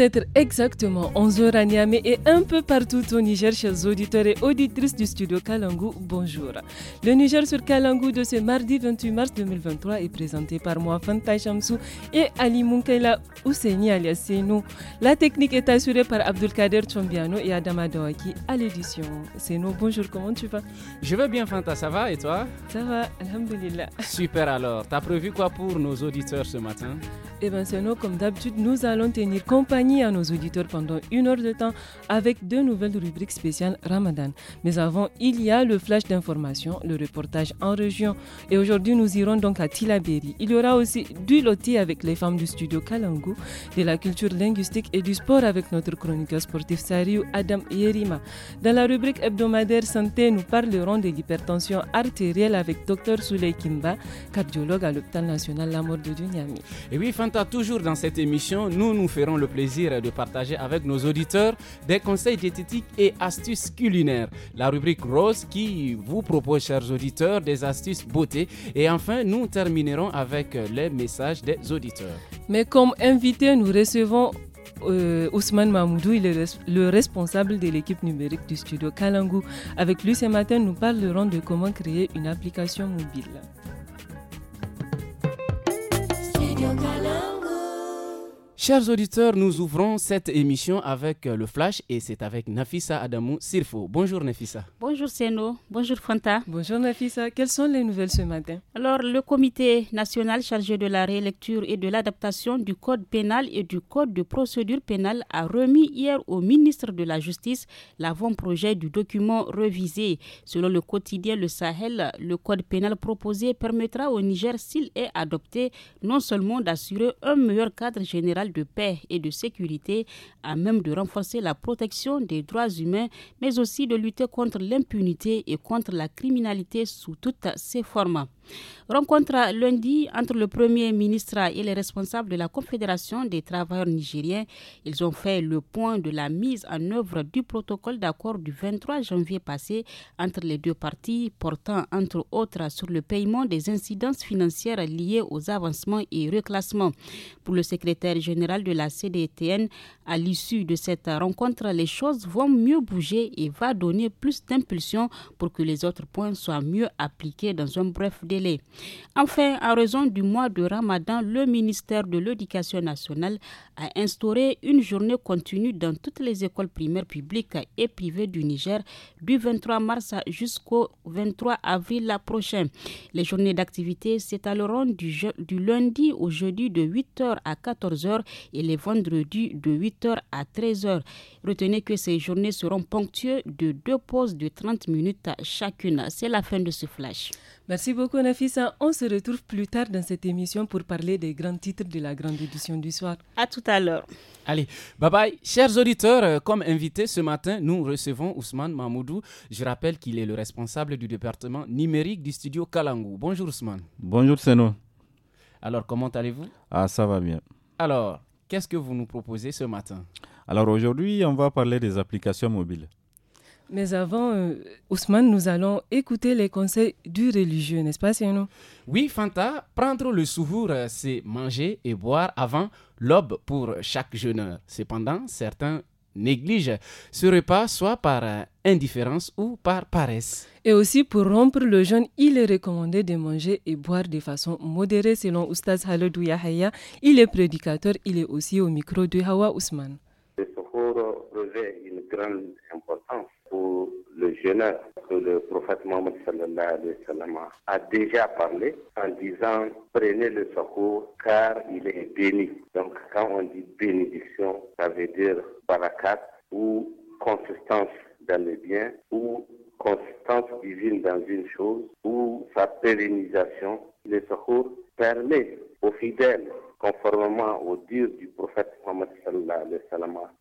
être exactement 11h à Niamey et un peu partout au Niger, chers auditeurs et auditrices du studio Kalangu, bonjour. Le Niger sur Kalangu de ce mardi 28 mars 2023 est présenté par moi, Fanta Chamsou et Ali Munkaila Ouseni alias La technique est assurée par Abdulkader Chombiano et Adama Dawaki à l'édition. nous bonjour, comment tu vas Je vais bien, Fanta, ça va et toi Ça va, Alhamdulillah. Super alors, t'as prévu quoi pour nos auditeurs ce matin Eh bien, nous, comme d'habitude, nous allons tenir compagnie à nos auditeurs pendant une heure de temps avec deux nouvelles rubriques spéciales Ramadan. Mais avant, il y a le flash d'information, le reportage en région. Et aujourd'hui, nous irons donc à Tilaberi. Il y aura aussi du loti avec les femmes du studio Kalangu, de la culture linguistique et du sport avec notre chroniqueur sportif Sariou Adam Yerima. Dans la rubrique hebdomadaire santé, nous parlerons de l'hypertension artérielle avec Dr Souley Kimba, cardiologue à l'hôpital national La Mort de Dunyami. Et oui, Fanta, toujours dans cette émission, nous nous ferons le plaisir et de partager avec nos auditeurs des conseils diététiques et astuces culinaires. La rubrique rose qui vous propose, chers auditeurs, des astuces beauté. Et enfin, nous terminerons avec les messages des auditeurs. Mais comme invité, nous recevons euh, Ousmane Mahmoudou, il est le responsable de l'équipe numérique du studio Kalangu. Avec lui ce matin, nous parlerons de comment créer une application mobile. Chers auditeurs, nous ouvrons cette émission avec euh, le Flash et c'est avec Nafissa Adamou Sirfo. Bonjour Nafissa. Bonjour Seno. Bonjour Fanta. Bonjour Nafissa. Quelles sont les nouvelles ce matin Alors, le comité national chargé de la réélecture et de l'adaptation du code pénal et du code de procédure pénale a remis hier au ministre de la Justice l'avant-projet du document revisé. Selon le quotidien Le Sahel, le code pénal proposé permettra au Niger, s'il est adopté, non seulement d'assurer un meilleur cadre général de paix et de sécurité, à même de renforcer la protection des droits humains, mais aussi de lutter contre l'impunité et contre la criminalité sous toutes ses formes. Rencontre lundi entre le Premier ministre et les responsables de la Confédération des travailleurs nigériens. Ils ont fait le point de la mise en œuvre du protocole d'accord du 23 janvier passé entre les deux parties, portant entre autres sur le paiement des incidences financières liées aux avancements et reclassements. Pour le secrétaire général de la CDTN, à l'issue de cette rencontre, les choses vont mieux bouger et va donner plus d'impulsion pour que les autres points soient mieux appliqués dans un bref délai. Enfin, en raison du mois de Ramadan, le ministère de l'Éducation nationale a instauré une journée continue dans toutes les écoles primaires publiques et privées du Niger du 23 mars jusqu'au 23 avril prochain. Les journées d'activité s'étaleront du, du, lundi au jeudi de 8h à 14h et les vendredis de 8h à 13h. Retenez que ces journées seront ponctuées de deux pauses de 30 minutes chacune. C'est la fin de ce flash. Merci beaucoup, Nafisa. On se retrouve plus tard dans cette émission pour parler des grands titres de la grande édition du soir. À tout à l'heure. Allez, bye bye. Chers auditeurs, euh, comme invité ce matin, nous recevons Ousmane Mahmoudou. Je rappelle qu'il est le responsable du département numérique du studio Kalangou. Bonjour, Ousmane. Bonjour, Seno. Alors, comment allez-vous Ah, ça va bien. Alors, qu'est-ce que vous nous proposez ce matin Alors, aujourd'hui, on va parler des applications mobiles. Mais avant, euh, Ousmane, nous allons écouter les conseils du religieux, n'est-ce pas, Siano Oui, Fanta, prendre le souvour, euh, c'est manger et boire avant l'aube pour chaque jeûneur. Cependant, certains négligent ce repas soit par euh, indifférence ou par paresse. Et aussi, pour rompre le jeûne, il est recommandé de manger et boire de façon modérée, selon Oustaz Halodou Yahaya. Il est prédicateur, il est aussi au micro de Hawa Ousmane. Le revêt une grande importance pour le jeûneur que le prophète Mohammed a déjà parlé en disant prenez le secours car il est béni. Donc quand on dit bénédiction, ça veut dire barakat ou consistance dans le bien ou consistance divine dans une chose ou sa pérennisation. Le secours permet aux fidèles conformément au dire du prophète Mohammed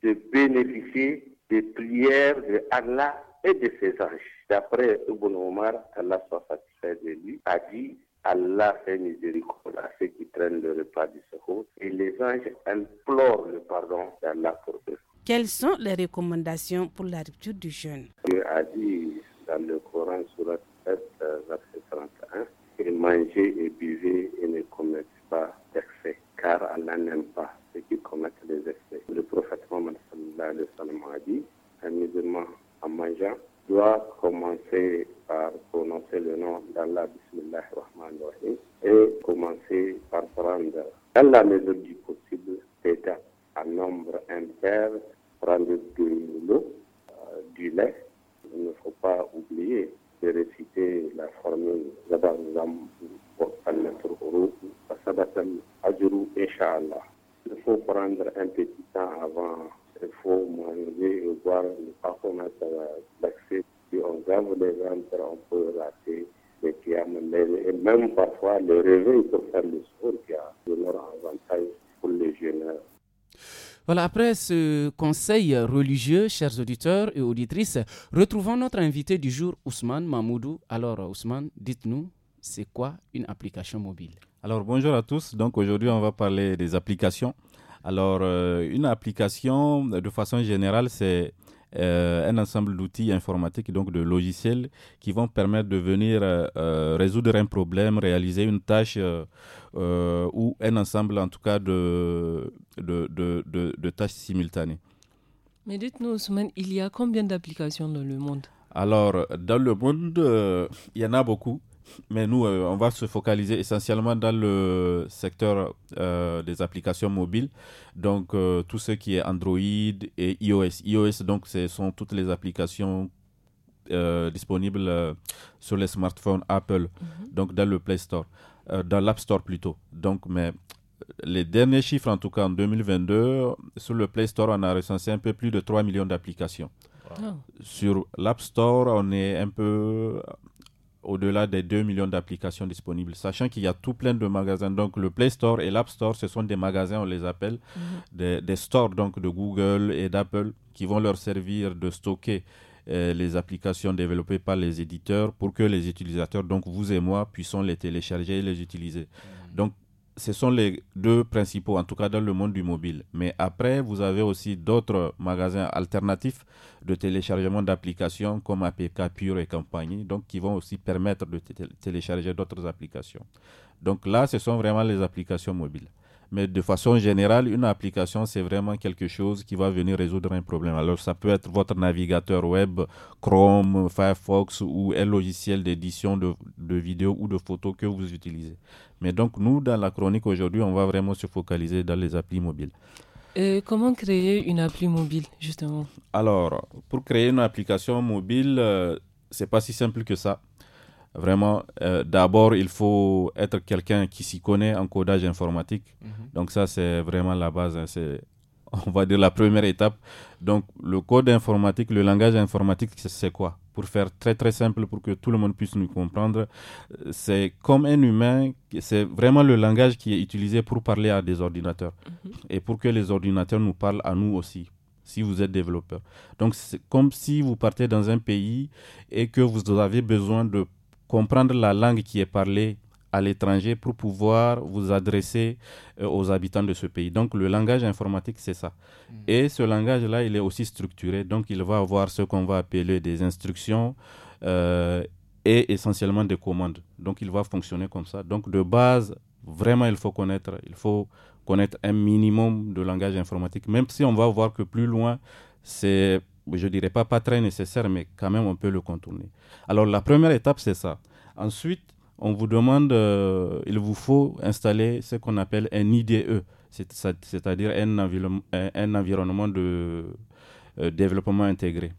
de bénéficier des prières de Allah et de ses anges. D'après Ibn Omar, Allah soit satisfait de lui, a dit Allah fait miséricorde à ceux qui traînent le repas du secours et les anges implorent le pardon d'Allah pour eux. Quelles sont les recommandations pour la rupture du jeûne Dieu a dit dans le Coran, sur 7, euh, verset 31, et mangez et buvez et ne commettez pas d'excès, car Allah n'aime pas qui commettent les excès. Le prophète Mohammed a dit un musulman en mangeant doit commencer par prononcer le nom d'Allah, Bismillah Rahman Rahim, et commencer par prendre, dans la mesure du possible, un un nombre impair, prendre de l'eau, euh, du lait. Il ne faut pas oublier de réciter la formule d'abord pour Al-Nasr Inch'Allah. Il faut prendre un petit temps avant. Il faut manger et voir ne pas d'accès l'accès. Si on grave les ventres, on peut rater les Et même parfois, le réveil de faire le sport qui a de leur avantage pour les jeunes. Voilà, après ce conseil religieux, chers auditeurs et auditrices, retrouvons notre invité du jour, Ousmane Mamoudou. Alors, Ousmane, dites-nous, c'est quoi une application mobile alors bonjour à tous. Donc aujourd'hui on va parler des applications. Alors euh, une application euh, de façon générale c'est euh, un ensemble d'outils informatiques donc de logiciels qui vont permettre de venir résoudre un problème, réaliser une tâche ou un ensemble en tout cas de, de, tâches simultanées. Mais dites-nous Ousmane, il y a combien d'applications dans le monde alors, dans le monde, il y en a beaucoup. Mais nous, euh, on va se focaliser essentiellement dans le secteur euh, des applications mobiles. Donc, euh, tout ce qui est Android et iOS. iOS, donc, ce sont toutes les applications disponibles sur les smartphones Apple, mhm. donc dans le Play Store, dans l'App Store plutôt. Donc, mais les derniers chiffres, en tout cas en 2022, sur le Play Store, on a recensé un peu plus de 3 millions d'applications. Sur l'App Store, on est un peu au-delà des 2 millions d'applications disponibles, sachant qu'il y a tout plein de magasins. Donc le Play Store et l'App Store, ce sont des magasins, on les appelle, mhm. des, stores donc de Google et d'Apple qui vont leur servir de stocker euh, les applications développées par les éditeurs pour que les utilisateurs, donc vous et moi, puissions les télécharger et les utiliser. Mhm. Donc ce sont les deux principaux, en tout cas dans le monde du mobile. Mais après, vous avez aussi d'autres magasins alternatifs de téléchargement d'applications comme APK Pure et compagnie, donc qui vont aussi permettre de télécharger d'autres applications. Donc là, ce sont vraiment les applications mobiles. Mais de façon générale, une application, c'est vraiment quelque chose qui va venir résoudre un problème. Alors, ça peut être votre navigateur web, Chrome, Firefox ou un logiciel d'édition de, vidéos ou de photos que vous utilisez. Mais donc, nous, dans la chronique aujourd'hui, on va vraiment se focaliser dans les applis mobiles. Et euh, comment créer une appli mobile, justement Alors, pour créer une application mobile, euh, c'est pas si simple que ça. Vraiment, euh, d'abord, il faut être quelqu'un qui s'y connaît en codage informatique. Mhm. Donc ça, c'est vraiment la base. Hein, c'est, on va dire, la première étape. Donc le code informatique, le langage informatique, c'est quoi Pour faire très très simple, pour que tout le monde puisse nous comprendre, euh, c'est comme un humain, c'est vraiment le langage qui est utilisé pour parler à des ordinateurs mhm. et pour que les ordinateurs nous parlent à nous aussi, si vous êtes développeur. Donc c'est comme si vous partez dans un pays et que vous avez besoin de comprendre la langue qui est parlée à l'étranger pour pouvoir vous adresser euh, aux habitants de ce pays. Donc le langage informatique, c'est ça. Mm. Et ce langage-là, il est aussi structuré. Donc il va avoir ce qu'on va appeler des instructions euh, et essentiellement des commandes. Donc il va fonctionner comme ça. Donc de base, vraiment, il faut connaître, il faut connaître un minimum de langage informatique, même si on va voir que plus loin, c'est je ne dirais pas pas très nécessaire, mais quand même on peut le contourner. Alors la première étape, c'est ça. Ensuite, on vous demande, euh, il vous faut installer ce qu'on appelle un IDE, c'est-à-dire un, environnement de euh, développement intégré.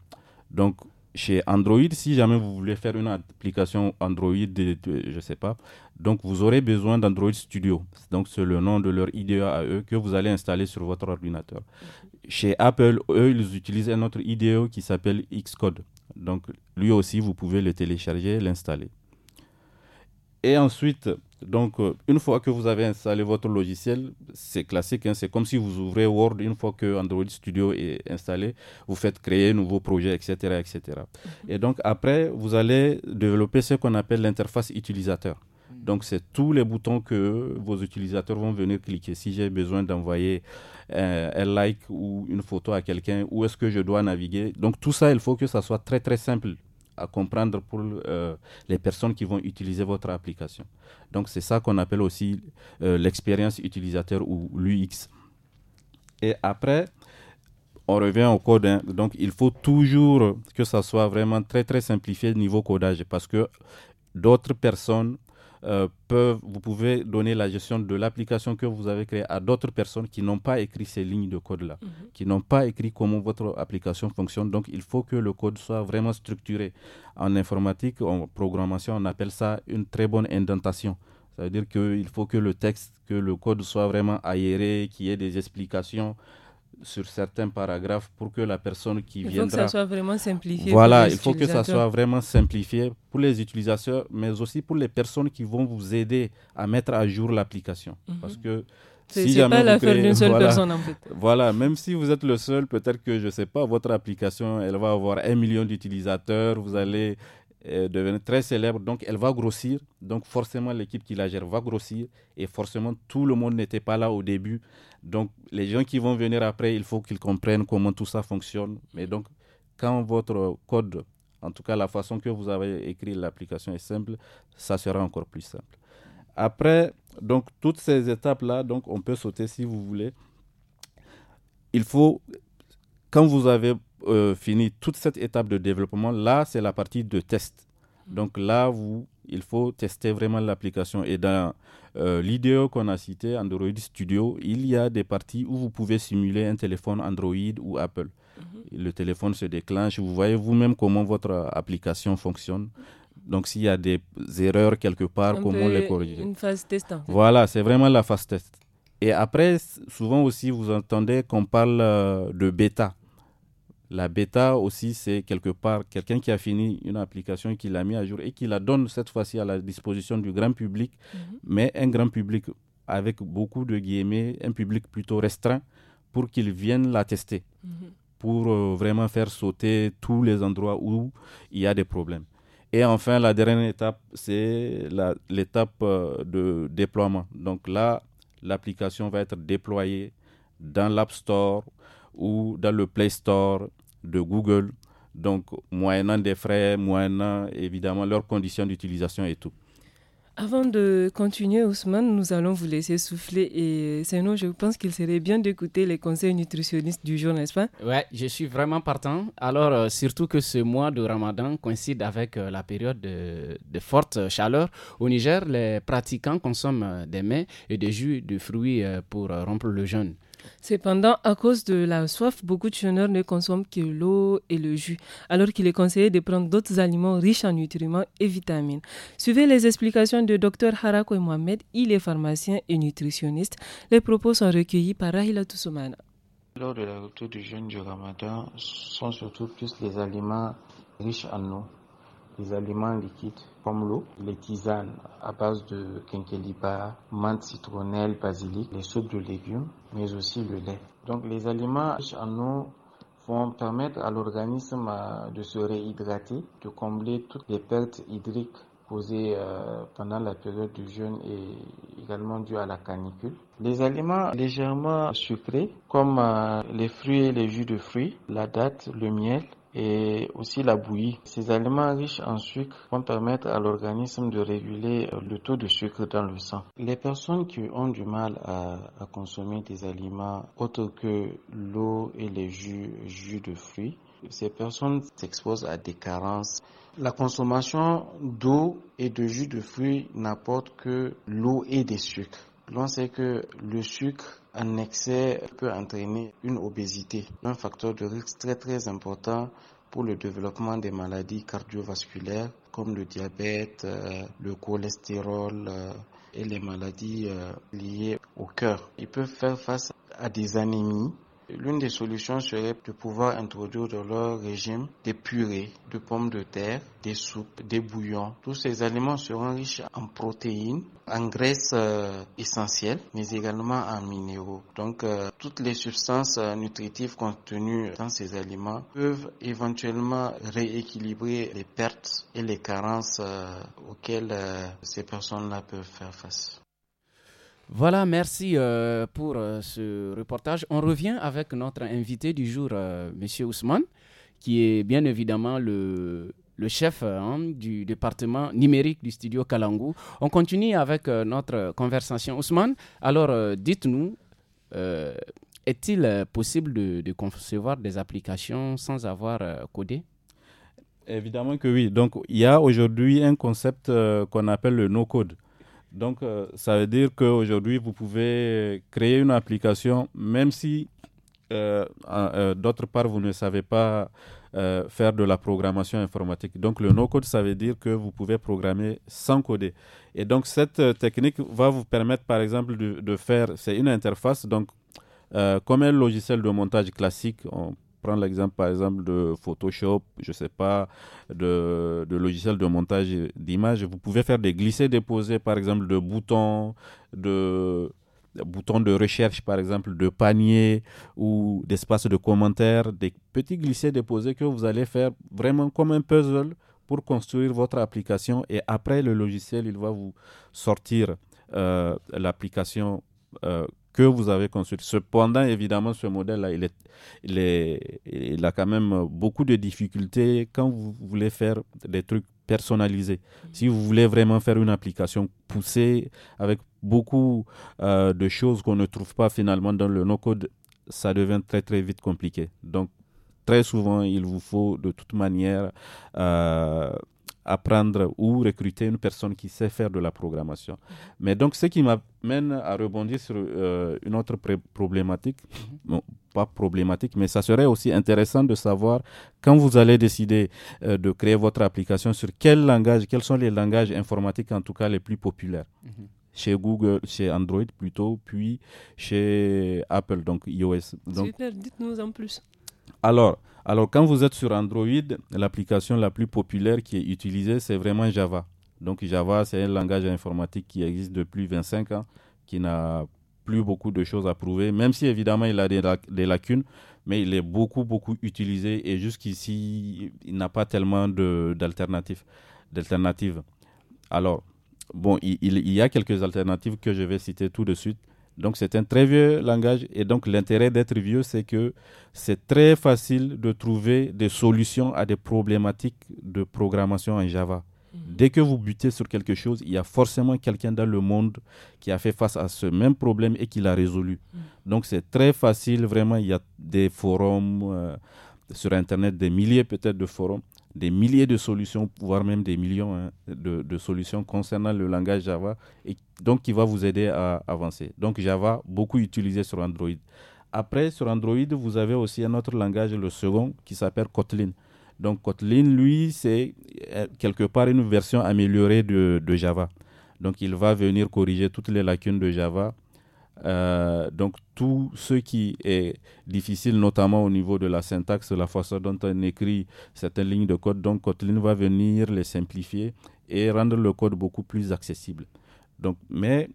Donc, chez Android, si jamais vous voulez faire une application Android, euh, je ne sais pas, donc vous aurez besoin d'Android Studio. Donc c'est le nom de leur IDE e que vous allez installer sur votre ordinateur chez Apple, eux, ils utilisent un autre IDE qui s'appelle Xcode. Donc, lui aussi, vous pouvez le télécharger, l'installer. Et ensuite, donc, euh, une fois que vous avez installé votre logiciel, c'est classique, hein, c'est comme si vous ouvrez Word, une fois que Android Studio est installé, vous faites créer un nouveau projet, etc. etc. Mm-hmm. Et donc, après, vous allez développer ce qu'on appelle l'interface utilisateur. Donc, c'est tous les boutons que vos utilisateurs vont venir cliquer. Si j'ai besoin d'envoyer euh, un like ou une photo à quelqu'un, où est-ce que je dois naviguer Donc, tout ça, il faut que ça soit très, très simple à comprendre pour euh, les personnes qui vont utiliser votre application. Donc, c'est ça qu'on appelle aussi euh, l'expérience utilisateur ou l'UX. Et après, on revient au code. Hein. Donc, il faut toujours que ça soit vraiment très, très simplifié niveau codage parce que d'autres personnes euh, peuvent, vous pouvez donner la gestion de l'application que vous avez créée à d'autres personnes qui n'ont pas écrit ces lignes de code-là, mhm. qui n'ont pas écrit comment votre application fonctionne. Donc, il faut que le code soit vraiment structuré. En informatique, en programmation, on appelle ça une très bonne indentation. Ça veut dire qu'il faut que le texte, que le code soit vraiment aéré, qu'il y ait des explications, sur certains paragraphes pour que la personne qui viendra... Il faut que ça soit vraiment simplifié. Voilà, il faut que ça soit vraiment simplifié pour les utilisateurs, mais aussi pour les personnes qui vont vous aider à mettre à jour l'application. Mhm. Parce que c'est pas l'affaire d'une seule personne en fait. Voilà, même si vous êtes le seul, peut-être que je sais pas, votre application, elle va avoir un million d'utilisateurs, vous allez devenir très célèbre, donc elle va grossir. Donc forcément, l'équipe qui la gère va grossir et forcément, tout le monde n'était pas là au début. Donc les gens qui vont venir après, il faut qu'ils comprennent comment tout ça fonctionne. Mais donc, quand votre code, en tout cas la façon que vous avez écrit l'application est simple, ça sera encore plus simple. Après, donc toutes ces étapes-là, donc on peut sauter si vous voulez. Il faut quand vous avez euh, fini toute cette étape de développement, là, c'est la partie de test. Mm-hmm. Donc là, vous, il faut tester vraiment l'application. Et dans euh, l'idée qu'on a cité, Android Studio, il y a des parties où vous pouvez simuler un téléphone Android ou Apple. Mm-hmm. Le téléphone se déclenche, vous voyez vous-même comment votre application fonctionne. Donc, s'il y a des erreurs quelque part, comment les corriger Une phase test. Voilà, c'est vraiment la phase test. Et après, souvent aussi, vous entendez qu'on parle euh, de bêta. La bêta aussi, c'est quelque part quelqu'un qui a fini une application, qui l'a mis à jour et qui la donne cette fois-ci à la disposition du grand public, mhm. mais un grand public avec beaucoup de guillemets, un public plutôt restreint pour qu'ils vienne la tester, mhm. pour euh, vraiment faire sauter tous les endroits où il y a des problèmes. Et enfin, la dernière étape, c'est l'étape euh, de déploiement. Donc là, l'application va être déployée dans l'App Store ou dans le Play Store de Google. Donc, moyennant des frais, moyennant évidemment leurs conditions d'utilisation et tout. Avant de continuer, Ousmane, nous allons vous laisser souffler. Et sinon, je pense qu'il serait bien d'écouter les conseils nutritionnistes du jour, n'est-ce pas Oui, je suis vraiment partant. Alors, euh, surtout que ce mois de Ramadan coïncide avec euh, la période de, forte chaleur. Au Niger, les pratiquants consomment euh, des mets et des jus de fruits pour rompre le jeûne. Cependant, à cause de la soif, beaucoup de jeunes ne consomment que l'eau et le jus, alors qu'il est conseillé de prendre d'autres aliments riches en nutriments et vitamines. Suivez les explications de Dr Harako et Mohamed, il est pharmacien et nutritionniste. Les propos sont recueillis par Rahila Toussoumana. Lors de la rupture du jeûne du ramadan, sont surtout plus les aliments riches en eau des aliments liquides comme l'eau, les tisanes à base de quinqueliba, menthe, citronnelle, basilic, les soupes de légumes, mais aussi le lait. Donc les aliments riches en eau vont permettre à l'organisme euh, de se réhydrater, de combler toutes les pertes hydriques posées euh, pendant la période du jeûne et également due à la canicule. Les aliments légèrement sucrés comme euh, les fruits et les jus de fruits, la date, le miel, et aussi la bouillie. Ces aliments riches en sucre vont permettre à l'organisme de réguler euh, le taux de sucre dans le sang. Les personnes qui ont du mal à, consommer des aliments autres que l'eau et les jus, jus de fruits, ces personnes s'exposent à des carences. La consommation d'eau et de jus de fruits n'apporte que l'eau et des sucres. L'on sait que le sucre en excès peut entraîner une obésité, un facteur de risque très très important pour le développement des maladies cardiovasculaires comme le diabète, euh, le cholestérol euh, et les maladies euh, liées au cœur. Ils peuvent faire face à des anémies L'une des solutions serait de pouvoir introduire dans leur régime des purées de pommes de terre, des soupes, des bouillons. Tous ces aliments seront riches en protéines, en graisses euh, essentielles, mais également en minéraux. Donc, euh, toutes les substances euh, nutritives contenues dans ces aliments peuvent éventuellement rééquilibrer les pertes et les carences auxquelles ces personnes-là peuvent faire face. Voilà, merci euh, pour euh, ce reportage. On revient avec notre invité du jour, M. Euh, Monsieur Ousmane, qui est bien évidemment le, chef hein, du département numérique du studio Kalangu. On continue avec notre conversation. Ousmane, alors dites-nous, est-il possible de, de, concevoir des applications sans avoir codé Évidemment que oui. Donc, il y a aujourd'hui un concept qu'on appelle le no-code. Donc, euh, ça veut dire qu'aujourd'hui, vous pouvez créer une application, même si euh, euh, d'autre part, vous ne savez pas faire de la programmation informatique. Donc, le no-code, ça veut dire que vous pouvez programmer sans coder. Et donc, cette technique va vous permettre, par exemple, de, faire, c'est une interface, donc, comme un logiciel de montage classique, on Prendre l'exemple par exemple de Photoshop, je ne sais pas, de, de logiciels de montage d'images, vous pouvez faire des glissés-déposés par exemple de boutons, de boutons de recherche, par exemple, de panier ou d'espace de commentaires, des petits glissés déposés que vous allez faire vraiment comme un puzzle pour construire votre application. Et après, le logiciel, il va vous sortir euh, l'application euh, que vous avez construit. Cependant, évidemment, ce modèle-là, il, est, il, il a quand même beaucoup de difficultés quand vous voulez faire des trucs personnalisés. Mm-hmm. Si vous voulez vraiment faire une application poussée avec beaucoup euh, de choses qu'on ne trouve pas finalement dans le no-code, ça devient très très vite compliqué. Donc très souvent, il vous faut de toute manière euh, apprendre ou recruter une personne qui sait faire de la programmation. Mais donc, ce qui m'amène à rebondir sur euh, une autre problématique, non mhm. pas problématique, mais ça serait aussi intéressant de savoir quand vous allez décider euh, de créer votre application, sur quel langage, quels sont les langages informatiques en tout cas les plus populaires. Mhm. Chez Google, chez Android plutôt, puis chez Apple, donc iOS. Donc, Super, dites-nous en plus. Alors, alors, quand vous êtes sur Android, l'application la plus populaire qui est utilisée, c'est vraiment Java. Donc Java, c'est un langage informatique qui existe depuis 25 ans, qui n'a plus beaucoup de choses à prouver, même si évidemment il a des, lacunes, mais il est beaucoup, beaucoup utilisé et jusqu'ici, il n'a pas tellement d'alternatives. Alors, bon, il, y a quelques alternatives que je vais citer tout de suite. Donc c'est un très vieux langage et donc l'intérêt d'être vieux, c'est que c'est très facile de trouver des solutions à des problématiques de programmation en Java. Mhm. Dès que vous butez sur quelque chose, il y a forcément quelqu'un dans le monde qui a fait face à ce même problème et qui l'a résolu. Mhm. Donc c'est très facile, vraiment, il y a des forums euh, sur Internet, des milliers peut-être de forums des milliers de solutions, voire même des millions hein, de, solutions concernant le langage Java, et donc qui va vous aider à avancer. Donc Java, beaucoup utilisé sur Android. Après, sur Android, vous avez aussi un autre langage, le second, qui s'appelle Kotlin. Donc Kotlin, lui, c'est euh, quelque part une version améliorée de Java. Donc il va venir corriger toutes les lacunes de Java euh, donc, tout ce qui est difficile, notamment au niveau de la syntaxe, la façon dont on écrit certaines lignes de code, donc Kotlin va venir les simplifier et rendre le code beaucoup plus accessible. Donc, mais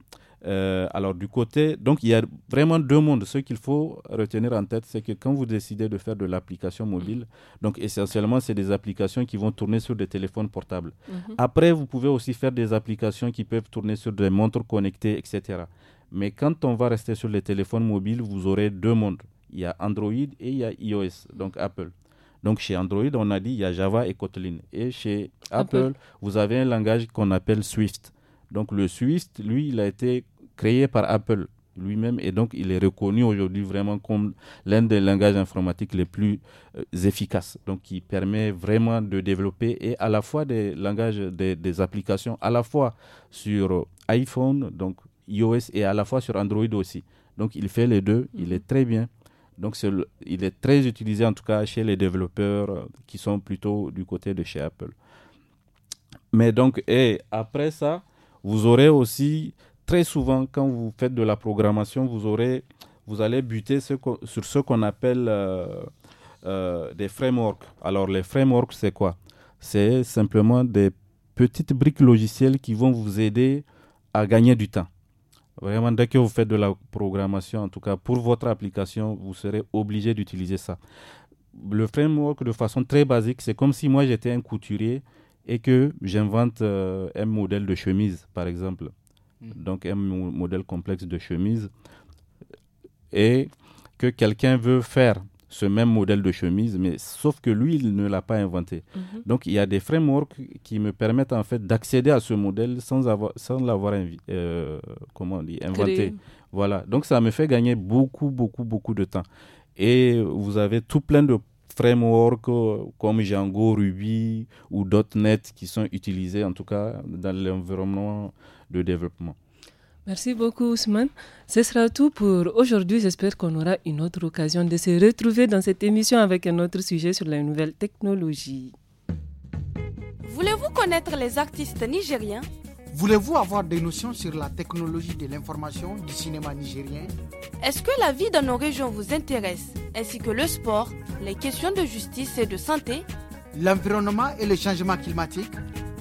euh, alors du côté, donc il y a vraiment deux mondes. Ce qu'il faut retenir en tête, c'est que quand vous décidez de faire de l'application mobile, donc essentiellement c'est des applications qui vont tourner sur des téléphones portables. Mhm. Après, vous pouvez aussi faire des applications qui peuvent tourner sur des montres connectées, etc. Mais quand on va rester sur les téléphones mobiles, vous aurez deux mondes. Il y a Android et il y a iOS, donc Apple. Donc chez Android, on a dit il y a Java et Kotlin. Et chez Apple, vous avez un langage qu'on appelle Swift. Donc le Swift, lui, il a été créé par Apple lui-même et donc il est reconnu aujourd'hui vraiment comme l'un des langages informatiques les plus euh, efficaces. Donc qui permet vraiment de développer et à la fois des langages, des, des applications, à la fois sur euh, iPhone, donc iOS et à la fois sur Android aussi. Donc il fait les deux, il est mhm. très bien. Donc il est très utilisé en tout cas chez les développeurs euh, qui sont plutôt du côté de chez Apple. Mais donc, et après ça, vous aurez aussi très souvent quand vous faites de la programmation, vous aurez, vous allez buter sur ce qu'on appelle euh, euh, des frameworks. Alors les frameworks, c'est quoi C'est simplement des petites briques logicielles qui vont vous aider à gagner du temps. Vraiment, dès que vous faites de la programmation, en tout cas pour votre application, vous serez obligé d'utiliser ça. Le framework, de façon très basique, c'est comme si moi j'étais un couturier et que j'invente euh, un modèle de chemise, par exemple. Hmm. Donc un modèle complexe de chemise. Et que quelqu'un veut faire ce même modèle de chemise, mais sauf que lui, il ne l'a pas inventé. Mhm. Donc, il y a des frameworks qui me permettent en fait d'accéder à ce modèle sans, avoir, sans l'avoir euh, comment dit, inventé. Voilà. Donc, ça me fait gagner beaucoup, beaucoup, beaucoup de temps. Et vous avez tout plein de frameworks euh, comme Django, Ruby ou .NET qui sont utilisés en tout cas dans l'environnement de développement. Merci beaucoup Ousmane. Ce sera tout pour aujourd'hui. J'espère qu'on aura une autre occasion de se retrouver dans cette émission avec un autre sujet sur la nouvelle technologie. Voulez-vous connaître les artistes nigériens Voulez-vous avoir des notions sur la technologie de l'information du cinéma nigérien Est-ce que la vie dans nos régions vous intéresse, ainsi que le sport, les questions de justice et de santé L'environnement et le changement climatique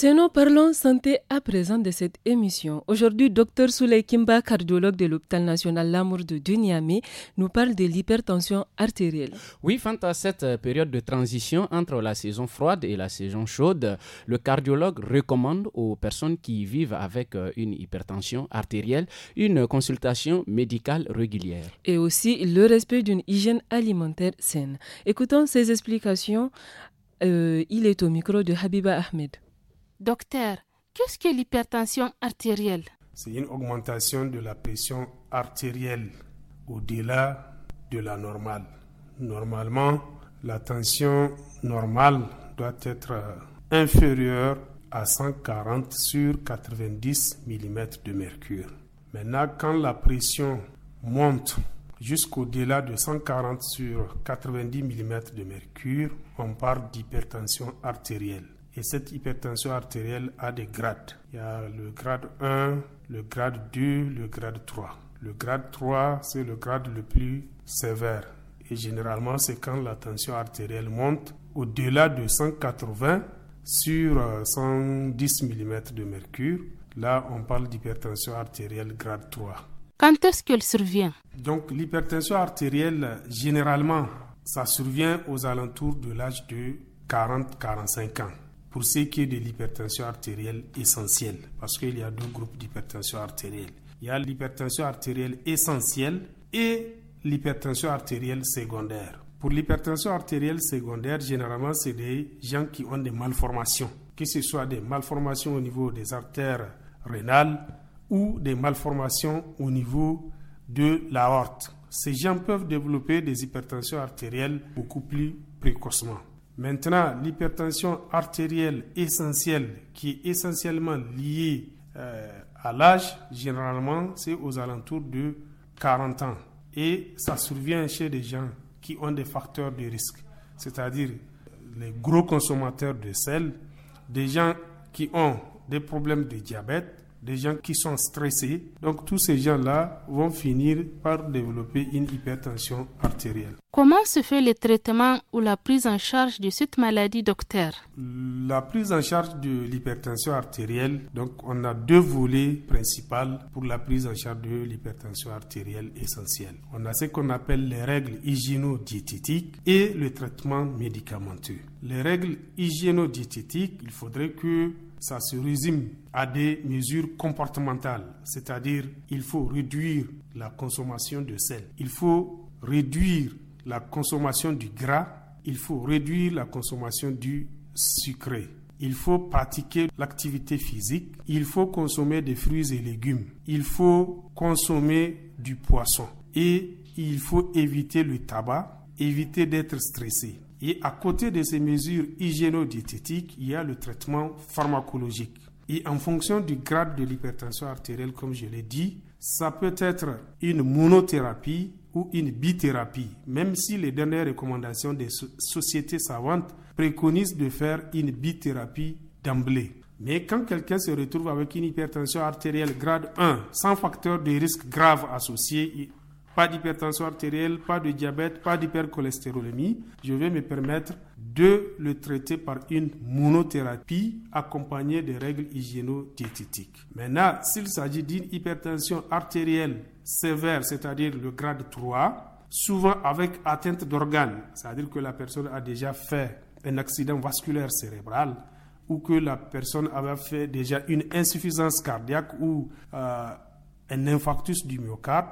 Sinon, parlons santé à présent de cette émission. Aujourd'hui, Dr Souley Kimba, cardiologue de l'hôpital national Lamour de duniami nous parle de l'hypertension artérielle. Oui, à cette euh, période de transition entre la saison froide et la saison chaude, le cardiologue recommande aux personnes qui vivent avec euh, une hypertension artérielle une consultation médicale régulière. Et aussi le respect d'une hygiène alimentaire saine. Écoutons ses explications. Euh, il est au micro de Habiba Ahmed. Docteur, qu'est-ce que l'hypertension artérielle C'est une augmentation de la pression artérielle au-delà de la normale. Normalement, la tension normale doit être inférieure à 140 sur 90 mm de mercure. Maintenant, quand la pression monte jusqu'au-delà de 140 sur 90 mm de mercure, on parle d'hypertension artérielle. Et cette hypertension artérielle a des grades. Il y a le grade 1, le grade 2, le grade 3. Le grade 3, c'est le grade le plus sévère. Et généralement, c'est quand la tension artérielle monte au-delà de 180 sur 110 euh, mm de mercure. Là, on parle d'hypertension artérielle grade 3. Quand est-ce qu'elle survient Donc, l'hypertension artérielle, généralement, ça survient aux alentours de l'âge de 40-45 ans pour ce qui est de l'hypertension artérielle essentielle, parce qu'il y a deux groupes d'hypertension artérielle. Il y a l'hypertension artérielle essentielle et l'hypertension artérielle secondaire. Pour l'hypertension artérielle secondaire, généralement, c'est des gens qui ont des malformations, que ce soit des malformations au niveau des artères rénales ou des malformations au niveau de l'aorte. Ces gens peuvent développer des hypertensions artérielles beaucoup plus précocement. Maintenant, l'hypertension artérielle essentielle, qui est essentiellement liée euh, à l'âge, généralement, c'est aux alentours de 40 ans. Et ça survient chez des gens qui ont des facteurs de risque, c'est-à-dire les gros consommateurs de sel, des gens qui ont des problèmes de diabète, des gens qui sont stressés. Donc tous ces gens-là vont finir par développer une hypertension artérielle. Comment se fait le traitement ou la prise en charge de cette maladie, docteur La prise en charge de l'hypertension artérielle, donc on a deux volets principaux pour la prise en charge de l'hypertension artérielle essentielle. On a ce qu'on appelle les règles hygiéno-diététiques et le traitement médicamenteux. Les règles hygiéno-diététiques, il faudrait que ça se résume à des mesures comportementales, c'est-à-dire il faut réduire la consommation de sel, il faut réduire la consommation du gras, il faut réduire la consommation du sucré. Il faut pratiquer l'activité physique, il faut consommer des fruits et légumes, il faut consommer du poisson et il faut éviter le tabac, éviter d'être stressé. Et à côté de ces mesures hygiéno-diététiques, il y a le traitement pharmacologique. Et en fonction du grade de l'hypertension artérielle, comme je l'ai dit, ça peut être une monothérapie ou une bithérapie, même si les dernières recommandations des sociétés savantes préconisent de faire une bithérapie d'emblée. Mais quand quelqu'un se retrouve avec une hypertension artérielle grade 1 sans facteur de risque grave associé, pas d'hypertension artérielle, pas de diabète, pas d'hypercholestérolémie, je vais me permettre de le traiter par une monothérapie accompagnée des règles hygiéno-diététiques. Maintenant, s'il s'agit d'une hypertension artérielle sévère, c'est-à-dire le grade 3, souvent avec atteinte d'organes, c'est-à-dire que la personne a déjà fait un accident vasculaire cérébral, ou que la personne avait fait déjà une insuffisance cardiaque ou euh, un infarctus du myocarde,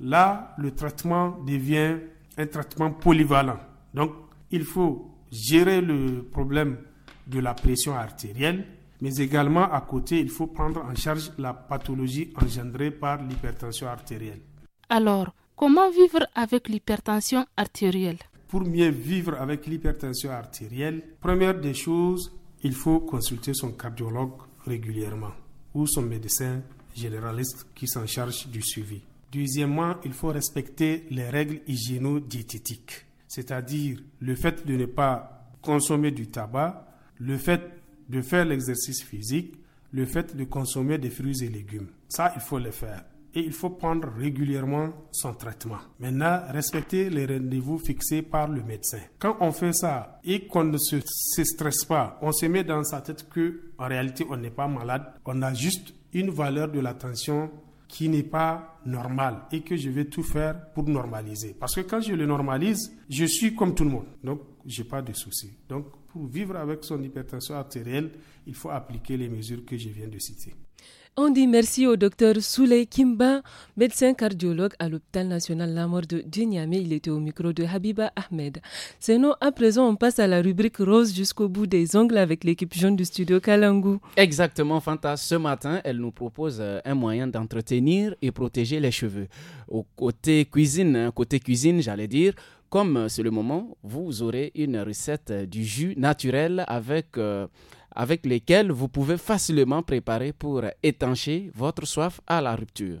Là, le traitement devient un traitement polyvalent. Donc, il faut gérer le problème de la pression artérielle, mais également à côté, il faut prendre en charge la pathologie engendrée par l'hypertension artérielle. Alors, comment vivre avec l'hypertension artérielle Pour mieux vivre avec l'hypertension artérielle, première des choses, il faut consulter son cardiologue régulièrement ou son médecin généraliste qui s'en charge du suivi. Deuxièmement, il faut respecter les règles hygiéno-diététiques, c'est-à-dire le fait de ne pas consommer du tabac, le fait de faire l'exercice physique, le fait de consommer des fruits et légumes. Ça, il faut le faire. Et il faut prendre régulièrement son traitement. Maintenant, respecter les rendez-vous fixés par le médecin. Quand on fait ça et qu'on ne se, stresse pas, on se met dans sa tête que en réalité on n'est pas malade, on a juste une valeur de l'attention qui n'est pas normal et que je vais tout faire pour normaliser. Parce que quand je le normalise, je suis comme tout le monde. Donc, j'ai pas de souci. Donc, pour vivre avec son hypertension artérielle, il faut appliquer les mesures que je viens de citer. On dit merci au docteur Souley Kimba, médecin cardiologue à l'hôpital national La Mort de Djeniamé. Il était au micro de Habiba Ahmed. Sinon, à présent, on passe à la rubrique rose jusqu'au bout des ongles avec l'équipe jaune du studio Kalangu. Exactement, Fanta. Ce matin, elle nous propose euh, un moyen d'entretenir et protéger les cheveux. Au côté cuisine, hein, côté cuisine, j'allais dire, comme euh, c'est le moment, vous aurez une recette euh, du jus naturel avec avec lesquels vous pouvez facilement préparer pour étancher votre soif à la rupture.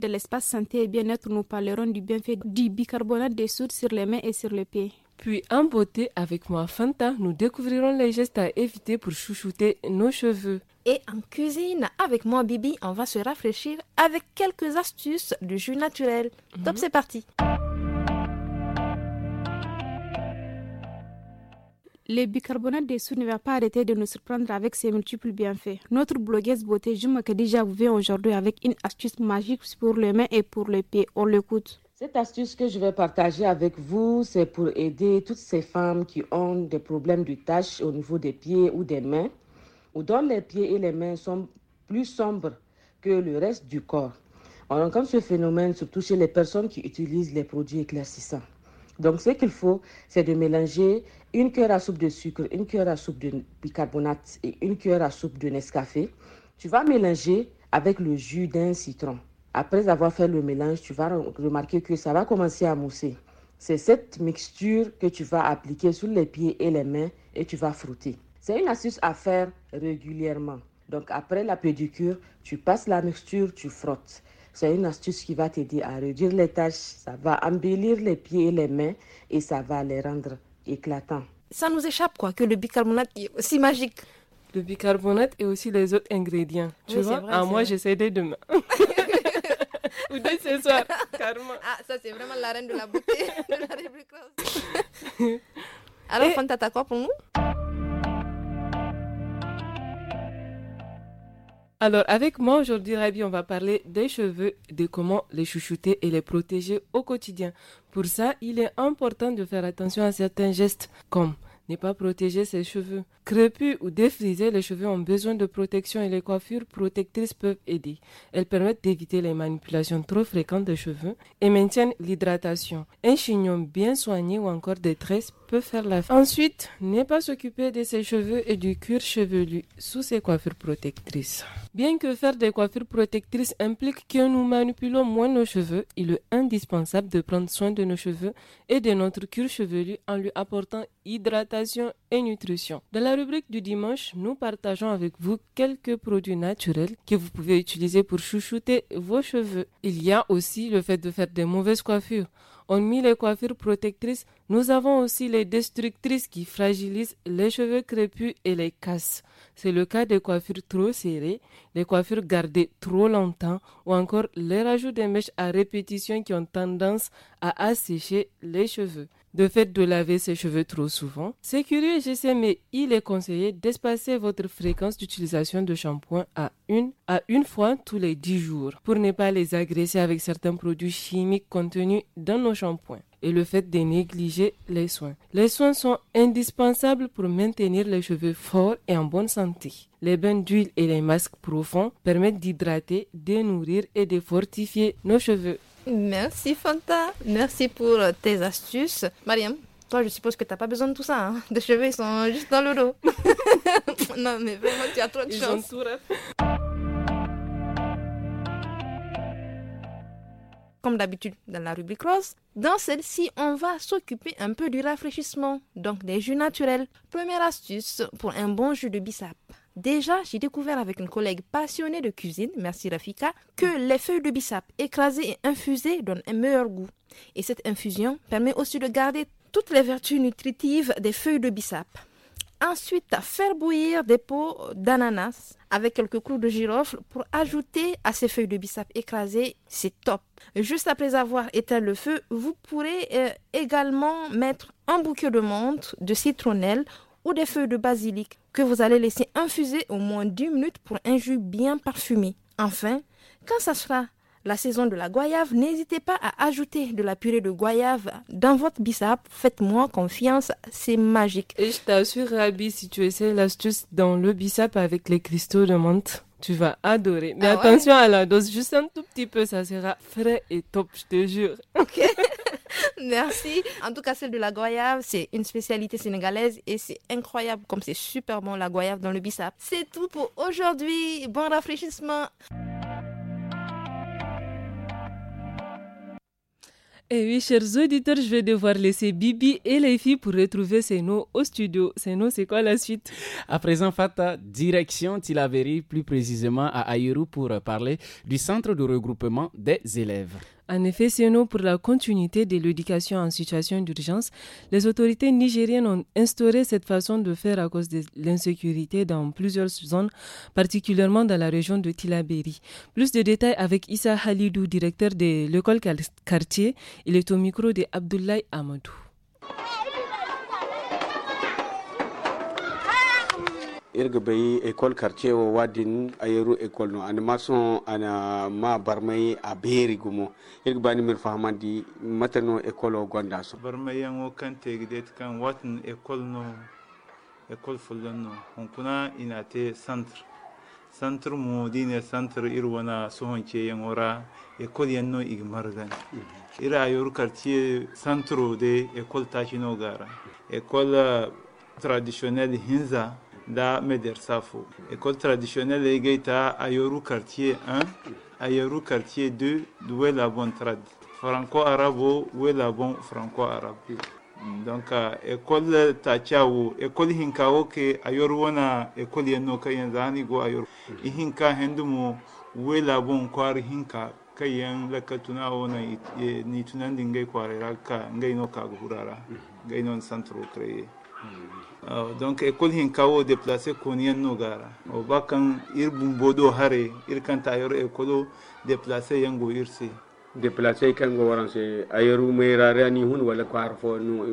de l'espace santé et bien-être, nous parlerons du bienfait du bicarbonate des soude sur les mains et sur les pieds. Puis en beauté avec moi Fanta, nous découvrirons les gestes à éviter pour chouchouter nos cheveux. Et en cuisine, avec moi Bibi, on va se rafraîchir avec quelques astuces de jus naturel. Top, mhm. c'est parti. Le bicarbonate de soude ne va pas arrêter de nous surprendre avec ses multiples bienfaits. Notre blogueuse beauté Juma déjà vous voyez aujourd'hui avec une astuce magique pour les mains et pour les pieds. On l'écoute. Cette astuce que je vais partager avec vous, c'est pour aider toutes ces femmes qui ont des problèmes de taches au niveau des pieds ou des mains, ou dont les pieds et les mains sont plus sombres que le reste du corps. On rencontre ce phénomène surtout chez les personnes qui utilisent les produits éclaircissants. Donc, ce qu'il faut, c'est de mélanger une cuillère à soupe de sucre, une cuillère à soupe de bicarbonate et une cuillère à soupe de Nescafé. Tu vas mélanger avec le jus d'un citron. Après avoir fait le mélange, tu vas remarquer que ça va commencer à mousser. C'est cette mixture que tu vas appliquer sur les pieds et les mains et tu vas frotter. C'est une astuce à faire régulièrement. Donc après la pédicure, tu passes la mixture, tu frottes. C'est une astuce qui va t'aider à réduire les tâches, ça va embellir les pieds et les mains et ça va les rendre éclatants. Ça nous échappe quoi, que le bicarbonate est aussi magique. Le bicarbonate et aussi les autres ingrédients. Tu vois, ah, moi j'essaie dès demain. Ou dès ce soir, carrément. Ah, ça c'est vraiment la reine de la beauté de la République. Alors, et... Fanta, quoi pour nous Alors, avec moi aujourd'hui, Rabi, on va parler des cheveux, de comment les chouchouter et les protéger au quotidien. Pour ça, il est important de faire attention à certains gestes, comme ne pas protéger ses cheveux. Crépus ou défrisés, les cheveux ont besoin de protection et les coiffures protectrices peuvent aider. Elles permettent d'éviter les manipulations trop fréquentes des cheveux et maintiennent l'hydratation. Un chignon bien soigné ou encore des tresses faire Ensuite, ne pas s'occuper de ses cheveux et du cuir chevelu sous ses coiffures protectrices. Bien que faire des coiffures protectrices implique que nous manipulons moins nos cheveux, il est indispensable de prendre soin de nos cheveux et de notre cuir chevelu en lui apportant hydratation et nutrition. Dans la rubrique du dimanche, nous partageons avec vous quelques produits naturels que vous pouvez utiliser pour chouchouter vos cheveux. Il y a aussi le fait de faire des mauvaises coiffures. On met les coiffures protectrices nous avons aussi les destructrices qui fragilisent les cheveux crépus et les cassent. C'est le cas des coiffures trop serrées, des coiffures gardées trop longtemps ou encore les rajouts des mèches à répétition qui ont tendance à assécher les cheveux de fait de laver ses cheveux trop souvent. C'est curieux, je sais, mais il est conseillé d'espacer votre fréquence d'utilisation de shampoing à une à une fois tous les 10 jours pour ne pas les agresser avec certains produits chimiques contenus dans nos shampoings et le fait de négliger les soins. Les soins sont indispensables pour maintenir les cheveux forts et en bonne santé. Les bains d'huile et les masques profonds permettent d'hydrater, de nourrir et de fortifier nos cheveux. Merci Fanta, merci pour tes astuces. Mariam, toi je suppose que t'as pas besoin de tout ça. Hein. tes cheveux sont juste dans le dos. non mais vraiment tu as trop de chance. Comme d'habitude dans la rubrique rose, dans celle-ci on va s'occuper un peu du rafraîchissement, donc des jus naturels. Première astuce pour un bon jus de bissap. Déjà, j'ai découvert avec une collègue passionnée de cuisine, merci Rafika, que les feuilles de bissap écrasées et infusées donnent un meilleur goût. Et cette infusion permet aussi de garder toutes les vertus nutritives des feuilles de bissap. Ensuite, faire bouillir des pots d'ananas avec quelques clous de girofle pour ajouter à ces feuilles de bissap écrasées, c'est top. Juste après avoir éteint le feu, vous pourrez euh, également mettre un bouquet de menthe, de citronnelle ou des feuilles de basilic que vous allez laisser infuser au moins 10 minutes pour un jus bien parfumé. Enfin, quand ça sera la saison de la goyave, n'hésitez pas à ajouter de la purée de goyave dans votre bissap. Faites-moi confiance, c'est magique. Et je t'assure, Rabi, si tu essaies l'astuce dans le bissap avec les cristaux de menthe, tu vas adorer. Mais ah attention à la dose, juste un tout petit peu, ça sera frais et top, je te jure. Ok. Merci. En tout cas, celle de la goyave, c'est une spécialité sénégalaise et c'est incroyable comme c'est super bon la goyave dans le bissap. C'est tout pour aujourd'hui. Bon rafraîchissement. Eh oui, chers auditeurs, je vais devoir laisser Bibi et les filles pour retrouver Seno au studio. Seno, c'est quoi la suite À présent, Fata, direction Tilaveri, plus précisément à Ayuru, pour parler du centre de regroupement des élèves. En effet, c'est nous pour la continuité de l'éducation en situation d'urgence, les autorités nigériennes ont instauré cette façon de faire à cause de l'insécurité dans plusieurs zones, particulièrement dans la région de Tilaberi. Plus de détails avec Issa Halidou, directeur de l'école quartier. Il est au micro de Abdoulaye Amadou. irga bai ekol karcewa wo wadin ayeru ekol no maso ana ma barmai a beri gumo irga bani mir fahamandi matano ekol o gwanda so barmai yan o kan tegdet kan watin ekol no ekol fulon no hunkuna ina te centre centre mo dine centre irwana sohonke yan ora école yan no igmargan mhm. ira ayeru quartier centre de tashi n'o gara ekol traditionnelle hinza da Medersafo. École traditionnelle Egeita Ayoru quartier 1, Ayoru quartier 2, la bonne Trad. Franco-arabo, la bonne franco-arabe. donc école tachawo école hinkawo ke ayoru wana école yenno ka zani go ayoru hinka hendumo la bon kwari hinka kayen lakatuna ona ni tunandingai kwari raka ngai no ka gurara ngai non santro kreye donc école hin kawo déplacé koniyen no gara o bakan ir bumbo do hare ir kan ta yor école déplacé yango irse déplacé kan go waran se ayeru merare ni hun wala ko ar fo no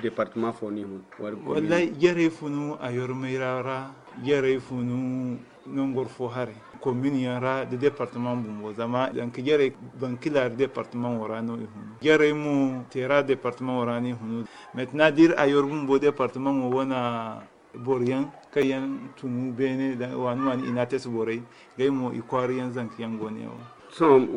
département fo ni hun wala yere funu ayor merara yere funu nongor fo hare commune yanra de département bumbo donc yare bankilar département warano ihunu yare mu tera département warani hunu maintenant dire ayor bumbo département mo wana boryan kayan tumu bene da wanu wani inates borai gai mo ikwari yan zanki yan gonewa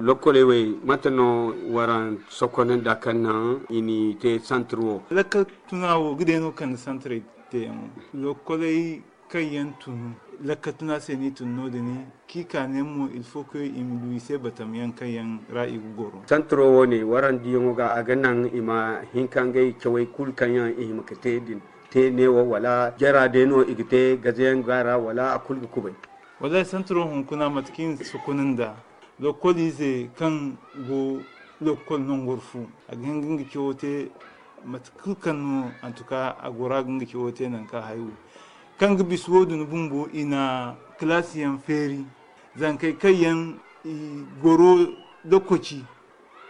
lokole we matano waran sokone dakana ini te centre wo laka tunawo gideno kan centre te lokole kayan tunu lakatuna seni da ni kika nemo il faut que im luise batam yan kayan ra'i goro santro woni waran diyo ga aganan ima hinkange kewai kul kanyan ihim kete din te wa wala jara deno igite gazen gara wala akul kubai wallahi santro hun kuna matkin sukunin da lokolize kan go lokol non gorfu agangin kiwote matkul kanu antuka agora gangi kiwote nan ka haihu kan gibi na bumbo ina klasiyan feri zan kai kayan goro lokaci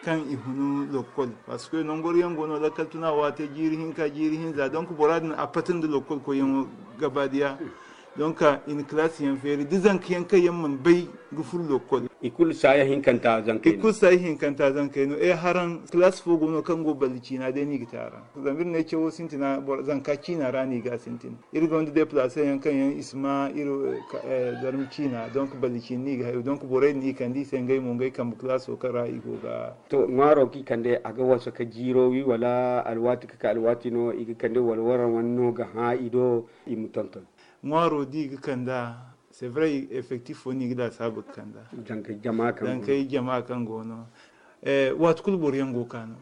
kan ihunu lokol parce que non 'yan gono la kaltuna wata jirihin ka jirihin za donc boradin a patin da lokol ko yan gabadiya donc in klasiyan feri dizan kayan kayan man bai gufur lokol ikul saya hinkanta zan kai ikul saya hinkanta zan kai no e eh, haran class fo gono kan go balci na de ni gitara zamir ne ce wo sintina zan ka kina rani ga sintin irgo de place yan kan yan isma iro eh, eh, darmi kina donc balci ni ga donc bore ni kan di sen gai mun gai kan class o kara igo ga to maro ki kan de aga wasa ka jiro wi wala alwati ka alwati no igi kan de walwaran wanno ga ha ido imutantan maro di kan da c'est vrai effectif woni gida sabu kanda jankai kanda kan jankai jama'a kan gono eh wat kul bor yango kano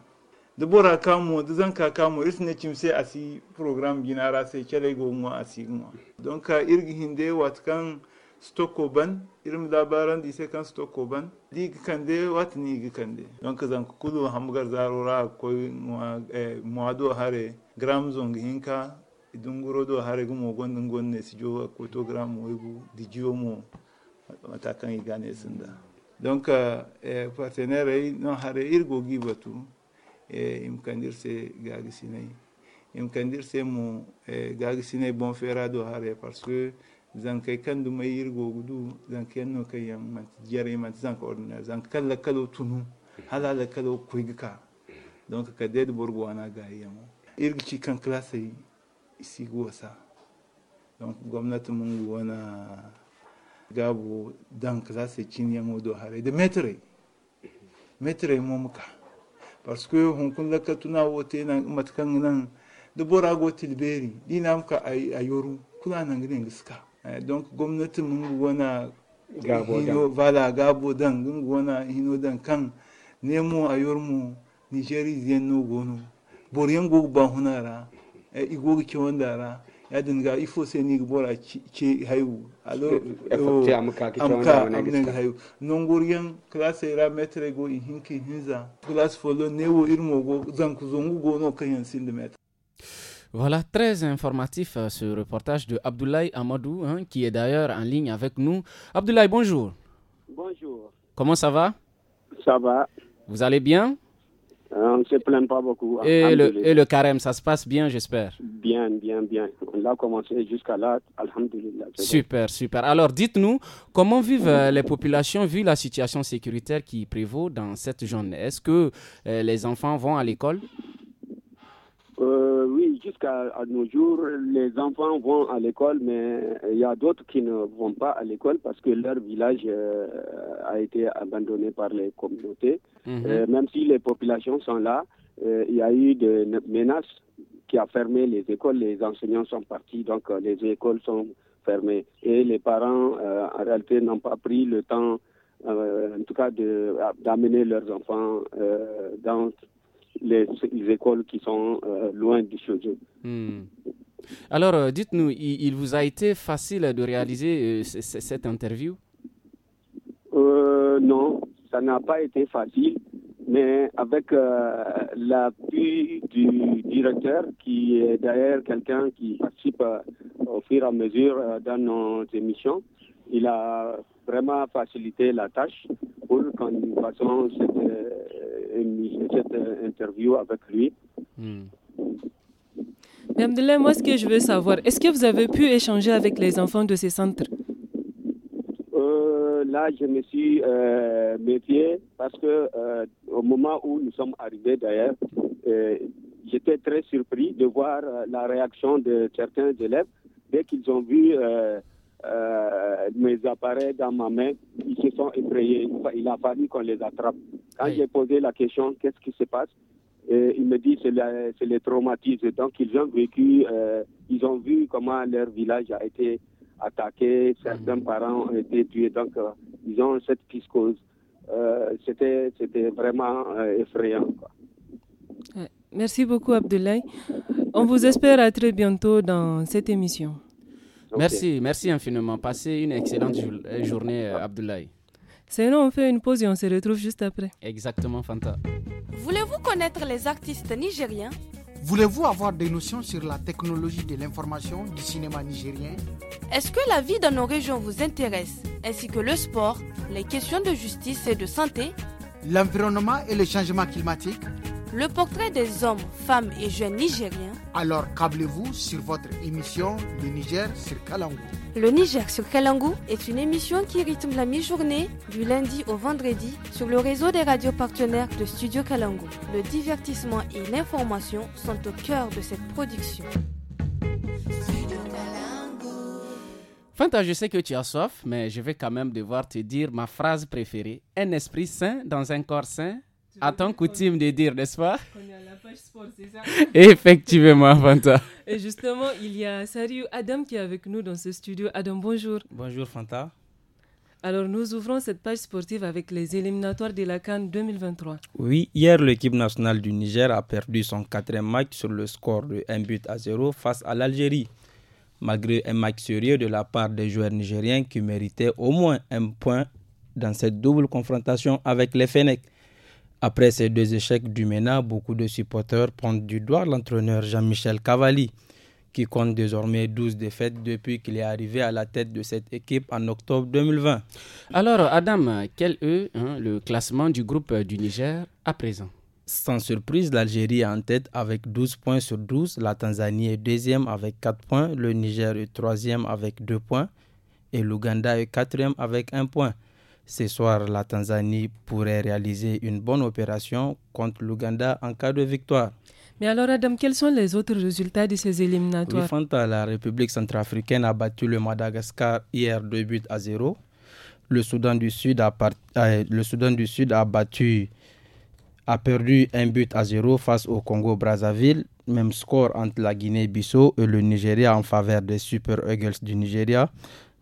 de bora kamo de zanka kamo iris ne cim sai asi programme ginara sai kele go mo asi mo donc irgi hinde wat kan stoko ban irin labaran di sai kan stoko ban digi kan de wat ni dig kan de zan kulu hamgar zarora ko muado eh, hare gram zong hinka idunguro do haregu mo gondon gonne si jowa kotogram mo egu di jiwo mo matakan igane sinda donc eh, partenaire ay no hare irgo gibatu eh, imkandirse gagi sinay imkandirse mo eh, gagi sinay bon fera do hare parce que zankai kan du mai irgo gudu zankai no kai yan mat jare mat zank ordinaire zank kala kala tunu halala kala kuigka donc kadet borgo ana ga yamo irgi kan classe sigosa donc gwamnati mun wana gabu dank za se chini yango do hare da metre metre mu muka parce que hun kun laka tuna wote na matkan nan da bora go tilberi dina muka a yoru kula nan gidan gaska eh, donc gwamnati mun wana gabo dan vala gabo dan mungu wana hino dan kan nemo a yormu nigeri zenno gono boryan go ba hunara Eh, igogo kiwondara yadinga ifose nigbora ke hayu alo amka amnenga hayu nongoriyan klase ra metre go hinki hinza klas folo newo irmo go zankuzongu go no kayan sindimetre Voilà, très informatif euh, ce reportage de Abdoulaye Amadou, hein, qui est d'ailleurs en ligne avec nous. Abdoulaye, bonjour. Bonjour. Comment ça va Ça va. Vous allez bien Hein, on ne se plaint pas beaucoup. Hein, et le, carême, ça se passe bien, j'espère Bien, bien, bien. On a commencé jusqu'à là, alhamdulillah. Super, super. Alors, dites-nous, comment vivent euh, les populations vu la situation sécuritaire qui prévaut dans cette journée Est-ce que euh, les enfants vont à l'école à nos jours, les enfants vont à l'école, mais il y a d'autres qui ne vont pas à l'école parce que leur village euh, a été abandonné par les communautés. Mhm. Euh, même si les populations sont là, euh, il y a eu des menaces qui a fermé les écoles. Les enseignants sont partis, donc les écoles sont fermées. Et les parents, en réalité, n'ont pas pris le temps, en tout cas, d'amener leurs enfants dans les, écoles qui sont euh, loin du chez hmm. Alors, euh, dites-nous, il, vous a été facile de réaliser euh, cette interview Non, ça n'a pas été facile mais avec l'appui du directeur, qui est d'ailleurs quelqu'un qui participe au fur et à mesure dans nos émissions, il a vraiment facilité la tâche pour quand nous fassions cette, interview avec lui. Mm. de moi, ce que je veux savoir, est-ce que vous avez pu échanger avec les enfants de ces centres euh, Là, je me suis euh, méfié parce que euh, au moment où nous sommes arrivés d'ailleurs, euh, j'étais très surpris de voir la réaction de certains élèves dès qu'ils ont vu euh, mes appareils dans ma main, ils se sont effrayés. Il a fallu qu'on les attrape. Quand j'ai posé la question, qu'est-ce qui se passe et euh, Il me dit, c'est les traumatismes. Donc, ils ont vécu, euh, ils ont vu comment leur village a été attaqué, certains mhm. parents ont été tués. Donc, ils ont cette psychose. C'était vraiment effrayant. Merci beaucoup, Abdoulaye. On vous espère à très bientôt dans cette émission. Merci, merci infiniment. Passez une excellente euh, journée, euh, Abdoulaye. Sinon, on fait une pause et on se retrouve juste après. Exactement, Fanta. Voulez-vous connaître les artistes nigériens Voulez-vous avoir des notions sur la technologie de l'information du cinéma nigérien Est-ce que la vie dans nos régions vous intéresse, ainsi que le sport, les questions de justice et de santé L'environnement et le changement climatique le portrait des hommes, femmes et jeunes nigériens. Alors câblez-vous sur votre émission Le Niger sur Kalangou. Le Niger sur Kalangou est une émission qui rythme la mi-journée du lundi au vendredi sur le réseau des radios partenaires de Studio Kalangou. Le divertissement et l'information sont au cœur de cette production. Fanta, je sais que tu as soif, mais je vais quand même devoir te dire ma phrase préférée. Un esprit sain dans un corps sain, à ton coutume de dire, n'est-ce pas On est à la page sport, c'est ça Effectivement, Fanta. Et justement, il y a Sariou Adam qui est avec nous dans ce studio. Adam, bonjour. Bonjour, Fanta. Alors, nous ouvrons cette page sportive avec les éliminatoires de la Cannes 2023. Oui, hier, l'équipe nationale du Niger a perdu son quatrième match sur le score de 1 but à 0 face à l'Algérie. Malgré un match sérieux de la part des joueurs nigériens qui méritaient au moins un point dans cette double confrontation avec les Fennecs. Après ces deux échecs du MENA, beaucoup de supporters pointent du doigt l'entraîneur Jean-Michel Cavalli, qui compte désormais 12 défaites depuis qu'il est arrivé à la tête de cette équipe en octobre 2020. Alors, Adam, quel est hein, le classement du groupe du Niger à présent sans surprise, l'Algérie est en tête avec 12 points sur 12, la Tanzanie est deuxième avec 4 points, le Niger est troisième avec 2 points et l'Ouganda est quatrième avec 1 point. Ce soir, la Tanzanie pourrait réaliser une bonne opération contre l'Ouganda en cas de victoire. Mais alors, Adam, quels sont les autres résultats de ces éliminatoires la République centrafricaine a battu le Madagascar hier 2 buts à 0. Euh, le Soudan du Sud a, battu a perdu un but à zéro face au Congo-Brazzaville, même score entre la Guinée-Bissau et le Nigeria en faveur des Super Eagles du Nigeria,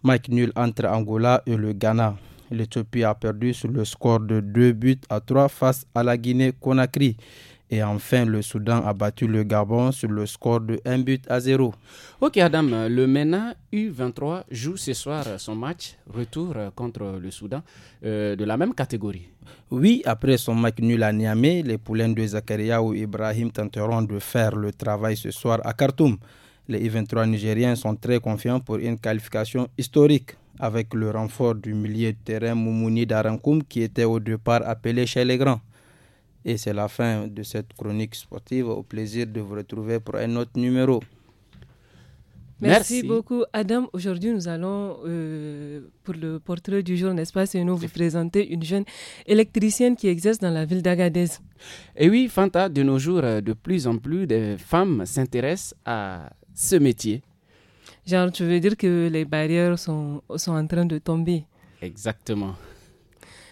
Mike nul entre Angola et le Ghana. L'Éthiopie a perdu sur le score de 2 buts à 3 face à la Guinée-Conakry. Et enfin, le Soudan a battu le Gabon sur le score de 1 but à 0. Ok Adam, le MENA U23 joue ce soir son match retour contre le Soudan euh, de la même catégorie. Oui, après son match nul à Niamey, les poulains de Zakaria ou Ibrahim tenteront de faire le travail ce soir à Khartoum. Les U23 nigériens sont très confiants pour une qualification historique avec le renfort du milieu de terrain Moumouni Darankoum qui était au départ appelé chez les grands. Et c'est la fin de cette chronique sportive. Au plaisir de vous retrouver pour un autre numéro. Merci, beaucoup, Adam. Aujourd'hui, nous allons, euh, pour le portrait du jour, n'est-ce pas, c'est nous vous présenter une jeune électricienne qui exerce dans la ville d'Agadez. Et oui, Fanta, de nos jours, euh, de plus en plus de femmes s'intéressent à ce métier Genre, tu veux dire que les barrières sont, en train de tomber. Exactement.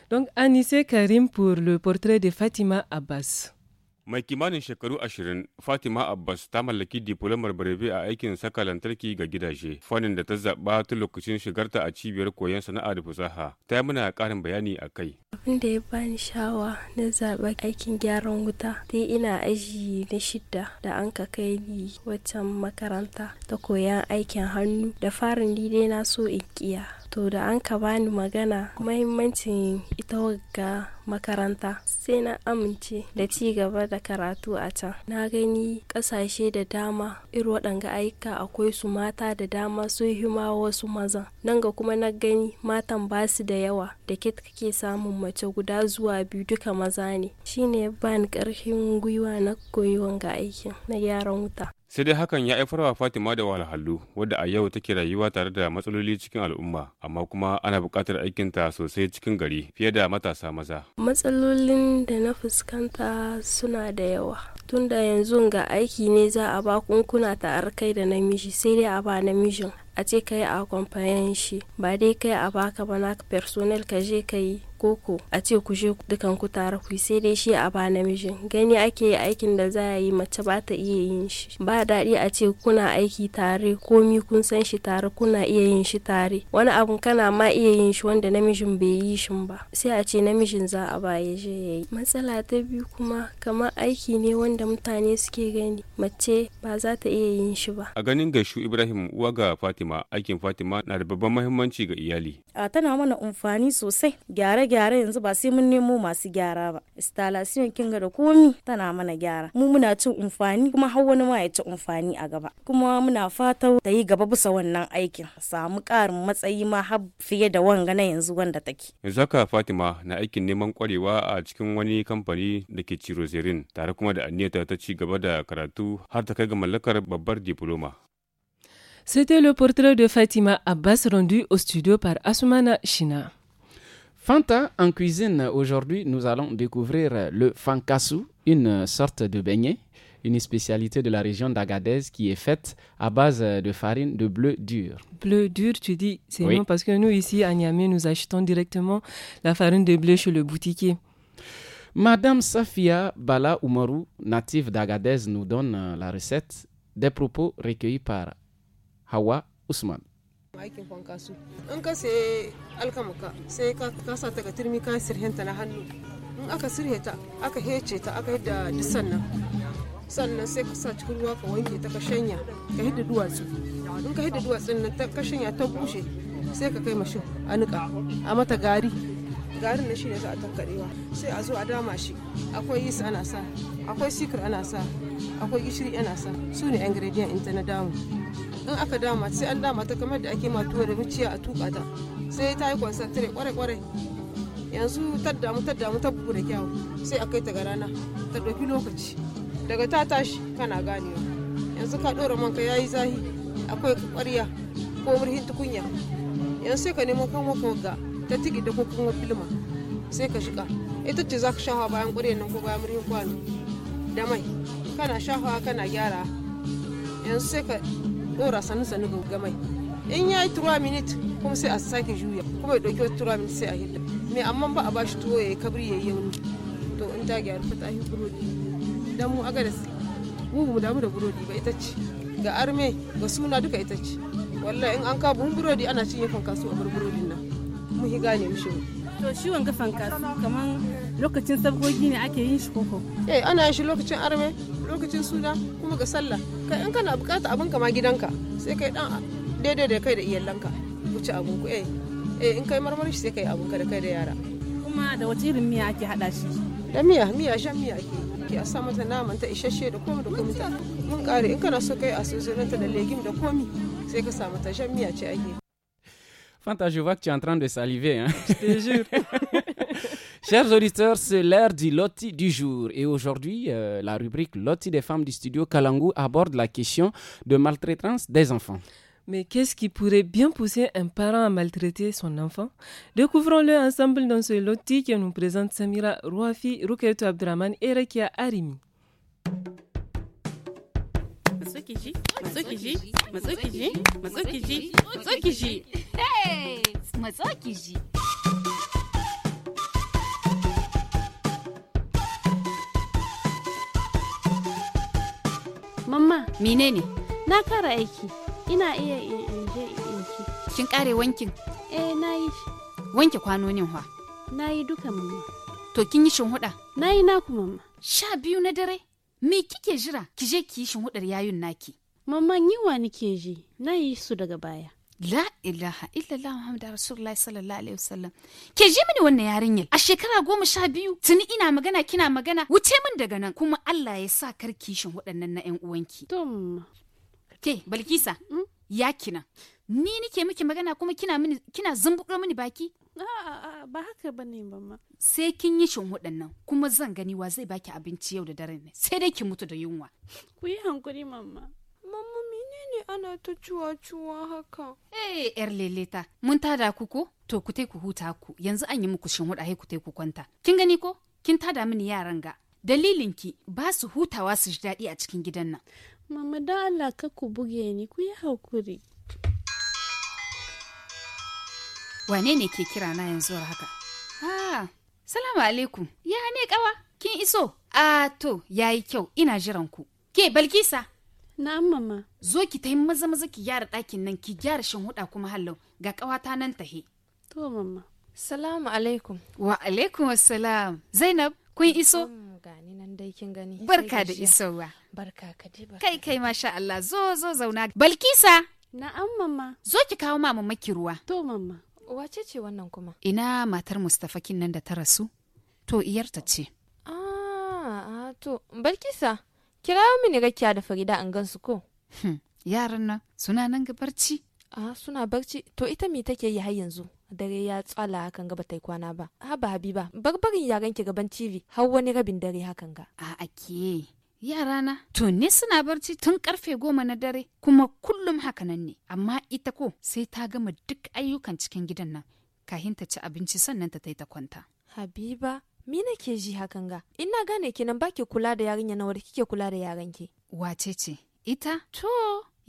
Donc, Anissé Karim pour le portrait de Fatima Abbas. Mai kimanin shekaru ashirin Fatima Abbas ta mallaki diplomar barebe a aikin saka lantarki ga gidaje, fannin da ta zaba ta lokacin shigarta a cibiyar koyon sana'a da fasaha. Ta yi mana ƙarin bayani a kai. Abin da ya bani shawa na zaɓa aikin gyaran wuta, ta ina aji na shidda da an ka kai ni waccan makaranta ta koyan aikin hannu da farin dai na so in kiya. to da an ka bani magana mahimmancin ita wagga makaranta sai na amince da ci gaba da karatu a can na gani kasashe da dama irin waɗanga aika akwai su mata da dama sun hima wasu maza nan ga kuma na gani matan ba su da yawa da ke kake samun mace guda zuwa biyu duka maza ne shine ban karfin gwiwa na koyi ga aikin na gyaran wuta sai dai hakan ya aifar wa fatima da wahalhalu wadda a yau take rayuwa tare da matsaloli cikin al'umma amma kuma ana buƙatar aikinta sosai cikin gari fiye da matasa maza matsalolin da na fuskanta suna da yawa tunda yanzu ga aiki ne za a ba kunkuna ta arkai da namiji sai dai a ba namijin a ce kai a kwamfayan shi ba dai kai a baka ba na personal ka je ka yi koko a ce ku je dukan ku tare ku sai dai shi a ba namijin gani ake aikin da za a yi mace ba ta iya yin shi ba daɗi a ce kuna aiki tare komi kun san shi tare kuna iya yin shi tare wani abun kana ma iya yin shi wanda namijin bai yi shi ba sai a ce namijin za a ba ya je ya yi matsala ta biyu kuma kamar aiki ne wanda mutane suke gani mace ba za ta iya yin shi ba a ganin gaishu ibrahim uwa ga fatima aikin fatima na da babban muhimmanci ga iyali a tana mana amfani sosai gyare gyara yanzu ba sai mun nemo masu gyara ba installation kinga da komi tana mana gyara mu muna cin amfani kuma har wani ma ya ci amfani a gaba kuma muna fata ta yi gaba bisa wannan aikin samu karin matsayi ma har fiye da wanga na yanzu wanda take yanzu haka fatima na aikin neman kwarewa a cikin wani kamfani da ke cirozerin tare kuma da aniyata ta ci gaba da karatu har ta kai ga mallakar babbar diploma C'était le portrait de Fatima Abbas rendu au studio par Asumana Shina. en cuisine, aujourd'hui, nous allons découvrir le fankasu, une sorte de beignet, une spécialité de la région d'Agadez qui est faite à base de farine de bleu dur. Bleu dur, tu dis, c'est non parce que nous, ici, à Niamey, nous achetons directement la farine de bleu chez le boutiquier. Madame Safia Bala Oumarou, native d'Agadez, nous donne la recette des propos recueillis par Hawa Ousmane. aikin su in ka sai alkamaka sai ka sa ta ga turmi ka sirhenta na hannu in aka sirhe ta aka hece ta aka yadda dusan nan sannan sai ka sa cikin ruwa ka wanke ta ka shanya ka hidda duwatsu in ka hidda duwatsun nan ta ka shanya ta bushe sai ka kai mashin a niƙa a mata gari garin na shine za a tankarewa sai a zo a dama shi akwai yis ana sa akwai sikir ana sa akwai gishiri ana sa su ne ingredient in ta na damu in aka dama sai an dama ta kamar da ake matuwa da muciya a tuka ta sai ta yi kwansantire kware-kware yanzu ta damu ta damu ta bugu da kyawu sai a kai ta ga rana ta ɗauki lokaci daga ta tashi kana ganewa yanzu ka ɗora manka ya yi zahi akwai ƙwarya ko murhin tukunya yanzu sai ka nemo kan wakan ga ta tiki da ko kuma filma sai ka shiga ita ce za ka shafa bayan ƙwarya nan ko bayan murhin kwano da mai kana shafa kana gyara yanzu sai ka ɗora sannu sannu ga gamai in ya yi tura minit kuma sai a sake juya kuma ya ɗauki wata turuwa minit sai a hidda mai amma ba a ba shi tuwo ya yi kabri ya yi yauni to in ta gyaru fata yi burodi da mu aga da mu mu damu da burodi ba ita ce ga arme ga suna duka ita ce wallahi in an kawo buhun burodi ana cinye kan kasuwa a bar burodin nan mu higa gane mu shi To shi gafan fankas kaman lokacin sabgogi ne ake yin shi koko. Eh ana shi lokacin arme, lokacin suna kuma ga sallah. Kai in kana bukata abin kama gidanka sai kai dan daidai da kai da iyalanka. Wuce abun ku eh. Eh in kai marmarin shi sai kai abun ka da kai da yara. Kuma da wace irin miya ake hada shi? Da miya, miya shan miya ake. Ke a sa mata naman ta isasshe da komai da komai. Mun kare in kana so kai a sozonanta da legim da komi sai ka samu ta shan miya ce ake. Fanta, je vois que tu es en train de saliver. Hein. Je te jure. Chers auditeurs, c'est l'heure du loti du jour. Et aujourd'hui, euh, la rubrique loti des femmes du studio Kalangu aborde la question de maltraitance des enfants. Mais qu'est-ce qui pourrait bien pousser un parent à maltraiter son enfant Découvrons-le ensemble dans ce loti que nous présente Samira Rouafi, Rouketou Abdraman et Rekia Arimi. matsukiji matsukiji matsukiji matsukiji matsukiji matsukiji mamma menene na kara aiki ina iya inje je kin kare wankin eh na yi shi wanke kwanonin hwa na yi duka mamma to kin yi shin huda na yi naku mamma sha biyu na dare Me kike jira ki je ki yi hudar yayun naki? Mamman yiwa nike ji, na yi su daga baya. La ilaha illallah Muhammadu Rasulullahi sallallahu alaihi wasallam. Ke ji mini wannan yarinyar a shekara goma sha biyu tuni ina magana kina magana wuce min daga nan kuma Allah ya sa kar kishin waɗannan na 'yan uwanki. Tom. Mm. Ke Balkisa. Mm? Ya kina. Ni nike miki magana kuma kina mini kina zumbuɗo mini baki A'a ba haka ba ne ba ma. Sai kin yi shin nan kuma zan gani wa zai baki abinci yau da dare ne sai dai ki mutu da yunwa. Ku yi hankuri mamma. Mamma menene ana ta cuwa-cuwa haka? Eh yar leleta mun tada ku ko? To ku ku huta ku yanzu an yi muku shin huɗa ku ku kwanta. Kin gani ko? Kin tada mini yaran ga. dalilin ki ba su hutawa su ji daɗi a cikin gidan nan. mamma da Allah ka ku buge ni ku yi hakuri. wane ne ke kira na yanzu haka ah salamu alaikum ya ne kawa kin iso Ah, to yi kyau ina jiran ku ke balkisa Na mama zo ki yi maza maza ki gyara ɗakin nan ki gyara shan huɗa kuma hallau ga kawata nan tahe to mama salamu alaikum wa alaikum assalam zainab kun iso mm, gani nan dai kin gani barka da isowa barka ka dai barka kai kai masha Allah zo zo zauna balkisa na'am mama zo ki kawo mama maki ruwa to mama Wace ce wannan kuma? Ina matar Mustapha nan da ta rasu? To iyarta ce. Ah, ah to barkisa kira mini rakiya da Farida an gansu ko? Hmm, yaran nan suna nan ga barci. Ah, suna barci. To ita me take yi har yanzu? Dare ya tsala hakan ga bata kwana ba. Haba Habiba, barbarin yaran ki gaban TV har wani rabin dare hakan ga. A ake. yarana to ne suna barci tun karfe goma na dare kuma kullum hakanan ne amma ita ko sai ta gama duk ayyukan cikin gidan nan kahin ta ci abinci sannan ta ta kwanta habiba mi nake ji hakan ga ina gane kenan baki kula da yarinya na da kike kula da yaranki wace ce ita to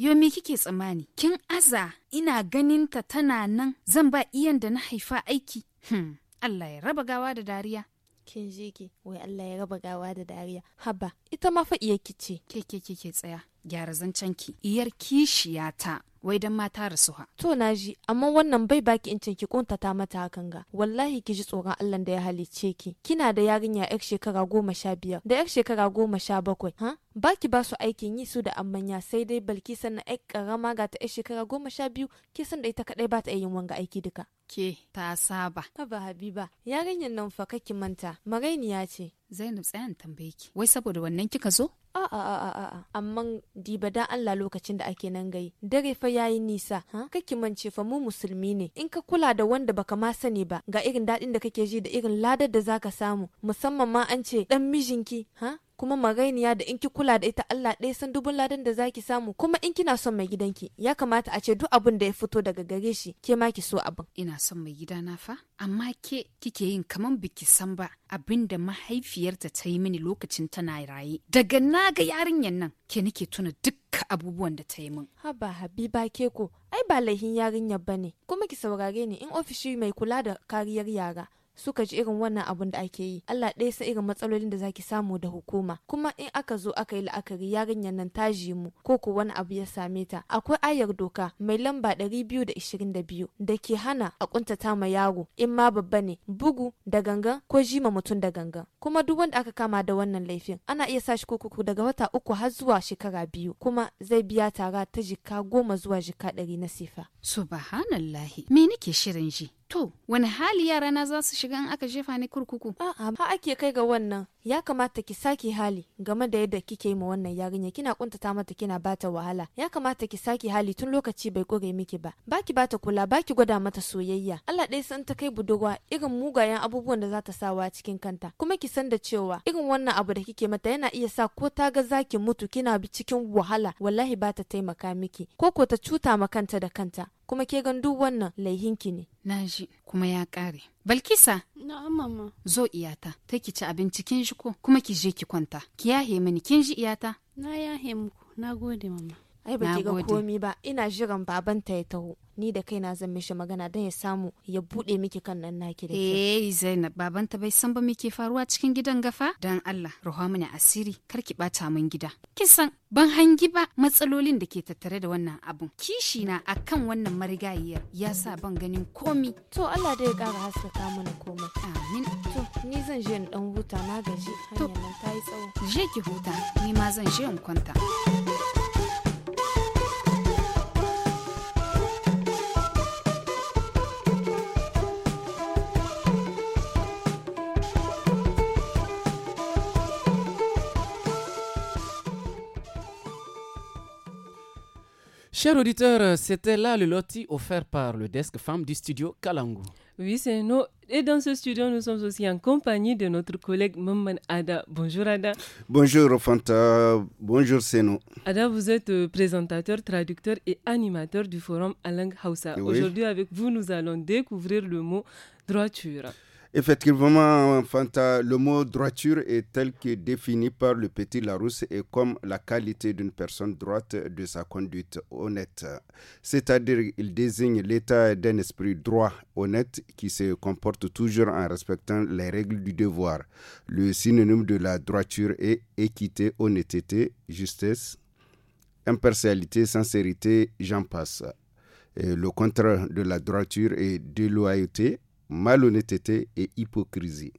Yomi kike tsammani, kin aza ina ganin ta tana nan zan ba iyan da na haifa aiki. Hmm. Allah ya raba gawa da dariya. kin je ki wai Allah ya raba gawa da dariya haba ita ma fa ki ce ke ke ke ke tsaya gyara zancen ki iyar kishiyata wai dan mata rasuha to naji amma wannan bai baki in can ki kuntata mata hakan ga wallahi ki ji tsoron Allah da ya halicce ki kina da yarinya yar shekara goma sha biyar da yar shekara goma sha bakwai ha ba ki ba su aikin yi su da amanya sai dai balki sannan ai karama ga ta shekara goma sha biyu kisan san da ita kadai ba ta yin wanga aiki duka. Ke ta saba. Haba Habiba yarinyar nan fa kake manta marainiya ce. Zainab tsayan tambaye ki wai saboda wannan kika zo? A'a a'a a'a amma diba dan Allah lokacin da ake nan gai dare fa yayi nisa ha kake mance fa mu musulmi ne in ka kula da wanda baka ma sani ba ga irin daɗin da kake ji da irin ladar da zaka samu musamman ma an ce dan mijinki ha kuma magainiya da in ki kula da ita Allah ɗaya san dubun ladan da zaki samu kuma in kina son mai gidanki ya kamata a ce duk abin da ya fito daga gare shi ke ma ki so abin ina son mai gida na fa amma ke kike yin kaman biki san ba abin da mahaifiyarta ta yi mini lokacin tana raye daga na ga yarinyar nan ke nake tuna dukkan abubuwan da ta yi min haba habiba ke ko ai ba laihin yarinyar ne. kuma ki saurare ni in ofishi mai kula da kariyar yara suka ji irin wannan abun da ake yi Allah ɗaya san irin matsalolin da zaki samu da hukuma kuma in aka zo aka yi la'akari yarinyar nan ta ji mu ko ko wani abu ya same ta akwai ayar doka mai lamba 222 da ke hana a kuntata ma yaro in ma babba ne bugu da gangan ko jima mutum da gangan kuma duk wanda aka kama da wannan laifin ana iya sa shi kurkuku daga wata uku har zuwa shekara biyu kuma zai biya tara ta jika goma zuwa jika ɗari na sifa subhanallahi me nake shirin ji To, wani hali yarana za su shiga in aka jefa ni kurkuku? A'a, ha ake kai ga wannan. Ya kamata ki sake hali game da yadda kike yi ma wannan yarinya kina kuntata mata kina bata wahala. Ya kamata ki sake hali tun lokaci bai kore miki ba. Baki bata kula, baki gwada mata soyayya. Allah ɗaya san ta kai budurwa irin mugayen abubuwan da za ta sawa cikin kanta. Kuma ki san da cewa irin wannan abu da kike mata yana iya sa ko ta ga za ki mutu kina cikin wahala, wallahi ba ta taimaka miki. Ko ko ta cuta ma kanta da kanta. kuma ke gan duk wannan laihinki ne. Na ji kuma ya ƙare. Balkisa. Na mama. Zo iyata, ta ki ci abinci kin ji ko kuma ki je ki kwanta. Ki yahe mini kin ji iyata? Na yahe muku, na gode mama. Ai ba ki ga komi ba, ina jiran babanta ya taho. ni da kaina zan mishi magana don ya samu ya bude miki kan nan naki da eh Zainab baban ta bai san ba me faruwa cikin gidan gafa dan Allah ruha mini asiri kar ki bata mun gida kisan ban hangi ba matsalolin da ke tattare da wannan abun kishi na akan wannan marigayiyar ya sa ban ganin komi to Allah da ya kara haskaka mana komai amin to ni zan je in dan huta na gaji hanyar nan ta yi tsawo je ki huta ni ma zan je in kwanta Chers auditeurs, c'était là le loti offert par le desk femme du studio Kalangu. Oui, c'est nous. Et dans ce studio, nous sommes aussi en compagnie de notre collègue Maman Ada. Bonjour Ada. Bonjour Fanta. Bonjour nous. Ada, vous êtes euh, présentateur, traducteur et animateur du forum Alang Hausa. Aujourd'hui, avec vous, nous allons découvrir le mot droiture. Effectivement, le mot droiture est tel que défini par le petit Larousse et comme la qualité d'une personne droite de sa conduite honnête. C'est-à-dire il désigne l'état d'un esprit droit, honnête, qui se comporte toujours en respectant les règles du devoir. Le synonyme de la droiture est équité, honnêteté, justesse, impartialité, sincérité, j'en passe. le contraire de la droiture est déloyauté, malhonnêteté et hypocrisie.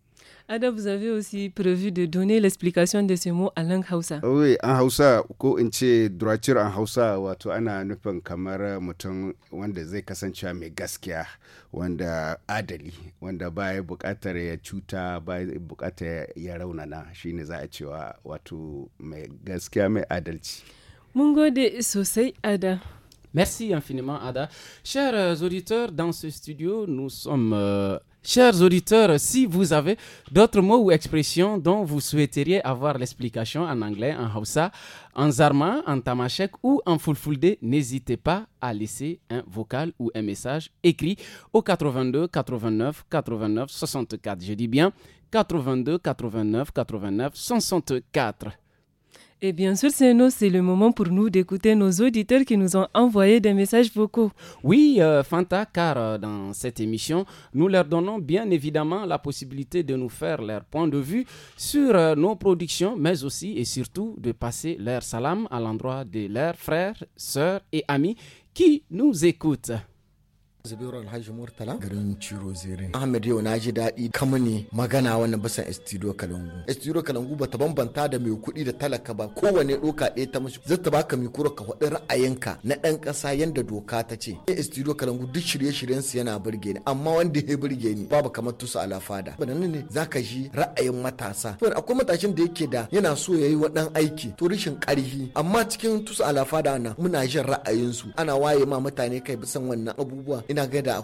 Ada, vous avez aussi prévu de donner l'explication de ce mot a langue Hausa. Oui, an Hausa ko in ce droiture an Hausa wato ana nufin kamar mutum wanda zai kasance mai gaskiya wanda adali wanda baya bukatar ya cuta baya bukatar ya raunana shine za a cewa wato mai gaskiya mai adalci. Mun gode sosai Ada. Merci infiniment, Ada. Chers euh, auditeurs, dans ce studio, nous sommes... Euh, chers auditeurs, si vous avez d'autres mots ou expressions dont vous souhaiteriez avoir l'explication en anglais, en hausa, en zarma, en tamashek ou en fulfulde, n'hésitez pas à laisser un vocal ou un message écrit au 82 89 89 64. Je dis bien 82 89 89 64. Et bien sûr, c'est c'est le moment pour nous d'écouter nos auditeurs qui nous ont envoyé des messages vocaux. Oui, euh, Fanta, car euh, dans cette émission, nous leur donnons bien évidemment la possibilité de nous faire leur point de vue sur euh, nos productions, mais aussi et surtout de passer leur salam à l'endroit de leurs frères, sœurs et amis qui nous écoutent. Zabiru Alhaji Murtala garin Ciro Zere. Ahmed yau na ji daɗi kama ne magana wannan bisan Estudio Kalangu. Estudio Kalangu bata bambanta da mai kuɗi da talaka ba kowane doka ɗaya ta mashi zata baka kura ka faɗi ra'ayinka na ɗan ƙasa yadda doka ta ce. Eh, Estudio Kalangu duk shirye-shiryen su yana burge ni amma wanda ya burge ni babu kamar tusu alafada. Banan ne ka ji ra'ayin matasa. Akwai matashin da yake da yana so ya yi waɗan aiki to rashin ƙarfi amma cikin tusu alafada na muna jin ra'ayinsu ana waye ma mutane kai bisan wannan abubuwa ina gaida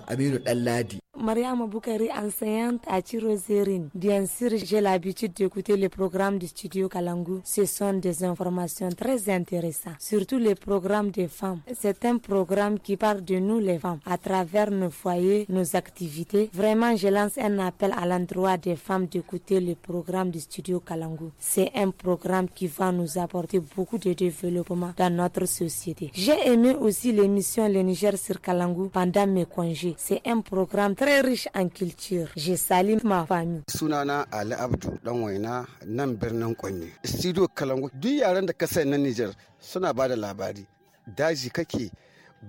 enseignante à Tirozérine. Bien sûr, j'ai l'habitude d'écouter les programmes du studio Kalangu. Ce sont des informations très intéressantes, surtout les programmes des femmes. C'est un programme qui parle de nous les femmes, à travers nos foyers, nos activités. Vraiment, je lance un appel à l'endroit des femmes d'écouter les programmes du studio Kalangu. C'est un programme qui va nous apporter beaucoup de développement dans notre société. J'ai aimé aussi l'émission Le Niger sur Kalangu pendant mes mai kwanje sai un programme très riche en culture. Je salue ma famille. Sunana Ali Abdu dan waina nan birnin Kwanye. Studio Kalangu duk yaran da ka na Niger suna bada labari. Daji kake,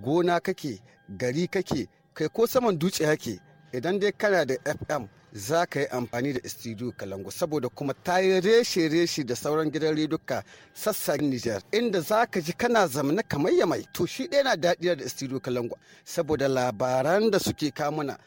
gona kake, gari kake, kai ko saman dutse kake. Idan dai kana da FM za ka yi amfani da studio kalangu saboda kuma ta yi reshe-reshe da sauran gidan reduka sassa Nijar inda za ka ji kana zamana kamar yamai to shi ɗaya na daɗiyar da studio kalangu saboda labaran da suke kamuna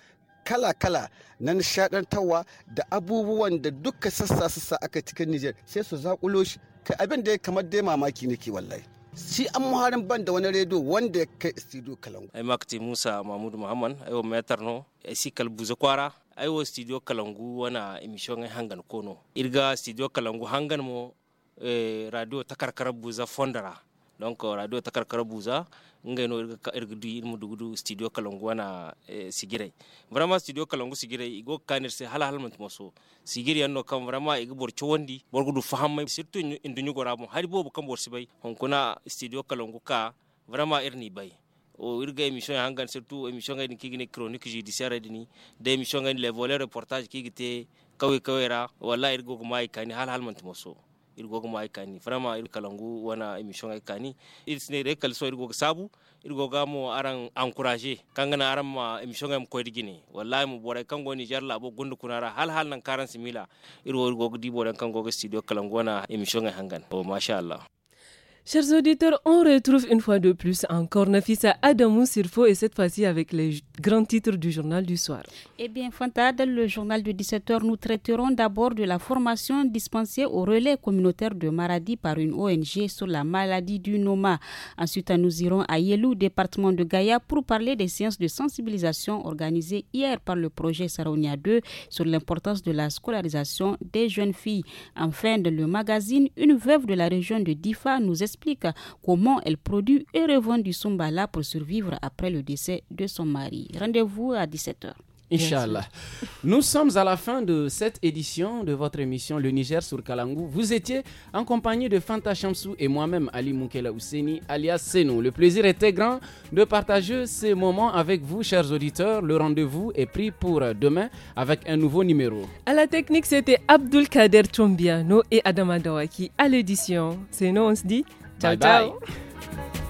kala-kala na nishaɗantarwa da abubuwan da duka sassa-sassa aka cikin Nijar sai su zaƙulo shi kai abin da ya kamar dai mamaki ke wallai. si an muharin ban da wani rediyo wanda ya kai studio kalangu ai makati musa mahmudu muhammad ai wa metar no si kalbuza kwara ai studio kalangu wana emission ai hangan kono irga studio kalangu hangan mo eh, radio takarkar buza fondara donc euh, radio takarkar buza ngai no irga du studio kalongu wana Vrama eh, vraiment studio kalongu Sigire igo kanir se hala hal mant moso sigiri anno kam vraiment igo bor chondi bor gudu fahamma surtout indunyu goramo hari bobu kam bor sibay honkuna studio kalongu ka vraiment Bay. bai o irga emission hangan surtout emission ngai kigini chronique judiciaire dini de emission ngai Le volets reportage kigite kawe kawera wala irgo kuma kani hal irgo ma ay kani vraiment ir kalangu wana emission ay kani ir sine re kal so irgo sabu irgo ga mo aran encourager kangana aran ma émission am ko digini wallahi mo bore kango ni jarla bo gundu kunara hal hal nan karan simila irgo irgo dibo bore kango ga studio kalangu wana emission ga hangan o oh, masha Allah Chers auditeurs, on retrouve une fois de plus encore Nafisa Adamou Sirfo et cette fois-ci avec les grands titres du journal du soir. Eh bien, Fanta, le journal de 17h, nous traiterons d'abord de la formation dispensée au relais communautaire de Maradi par une ONG sur la maladie du Noma. Ensuite, nous irons à Yelou, département de Gaïa, pour parler des séances de sensibilisation organisées hier par le projet Saronia 2 sur l'importance de la scolarisation des jeunes filles. En Enfin, de le magazine, une veuve de la région de Difa nous est explique comment elle produit et revend du Sumbala pour survivre après le décès de son mari. Rendez-vous à 17h. Inch'Allah. Nous sommes à la fin de cette édition de votre émission Le Niger sur Kalangou. Vous étiez en compagnie de Fanta Chamsou et moi-même Ali Moukela Ousseni, alias Seno. Le plaisir était grand de partager ces moments avec vous, chers auditeurs. Le rendez-vous est pris pour demain avec un nouveau numéro. À la technique, c'était Abdul Kader Tombiano et Adam qui, À l'édition, Seno, on se dit Chao, chao.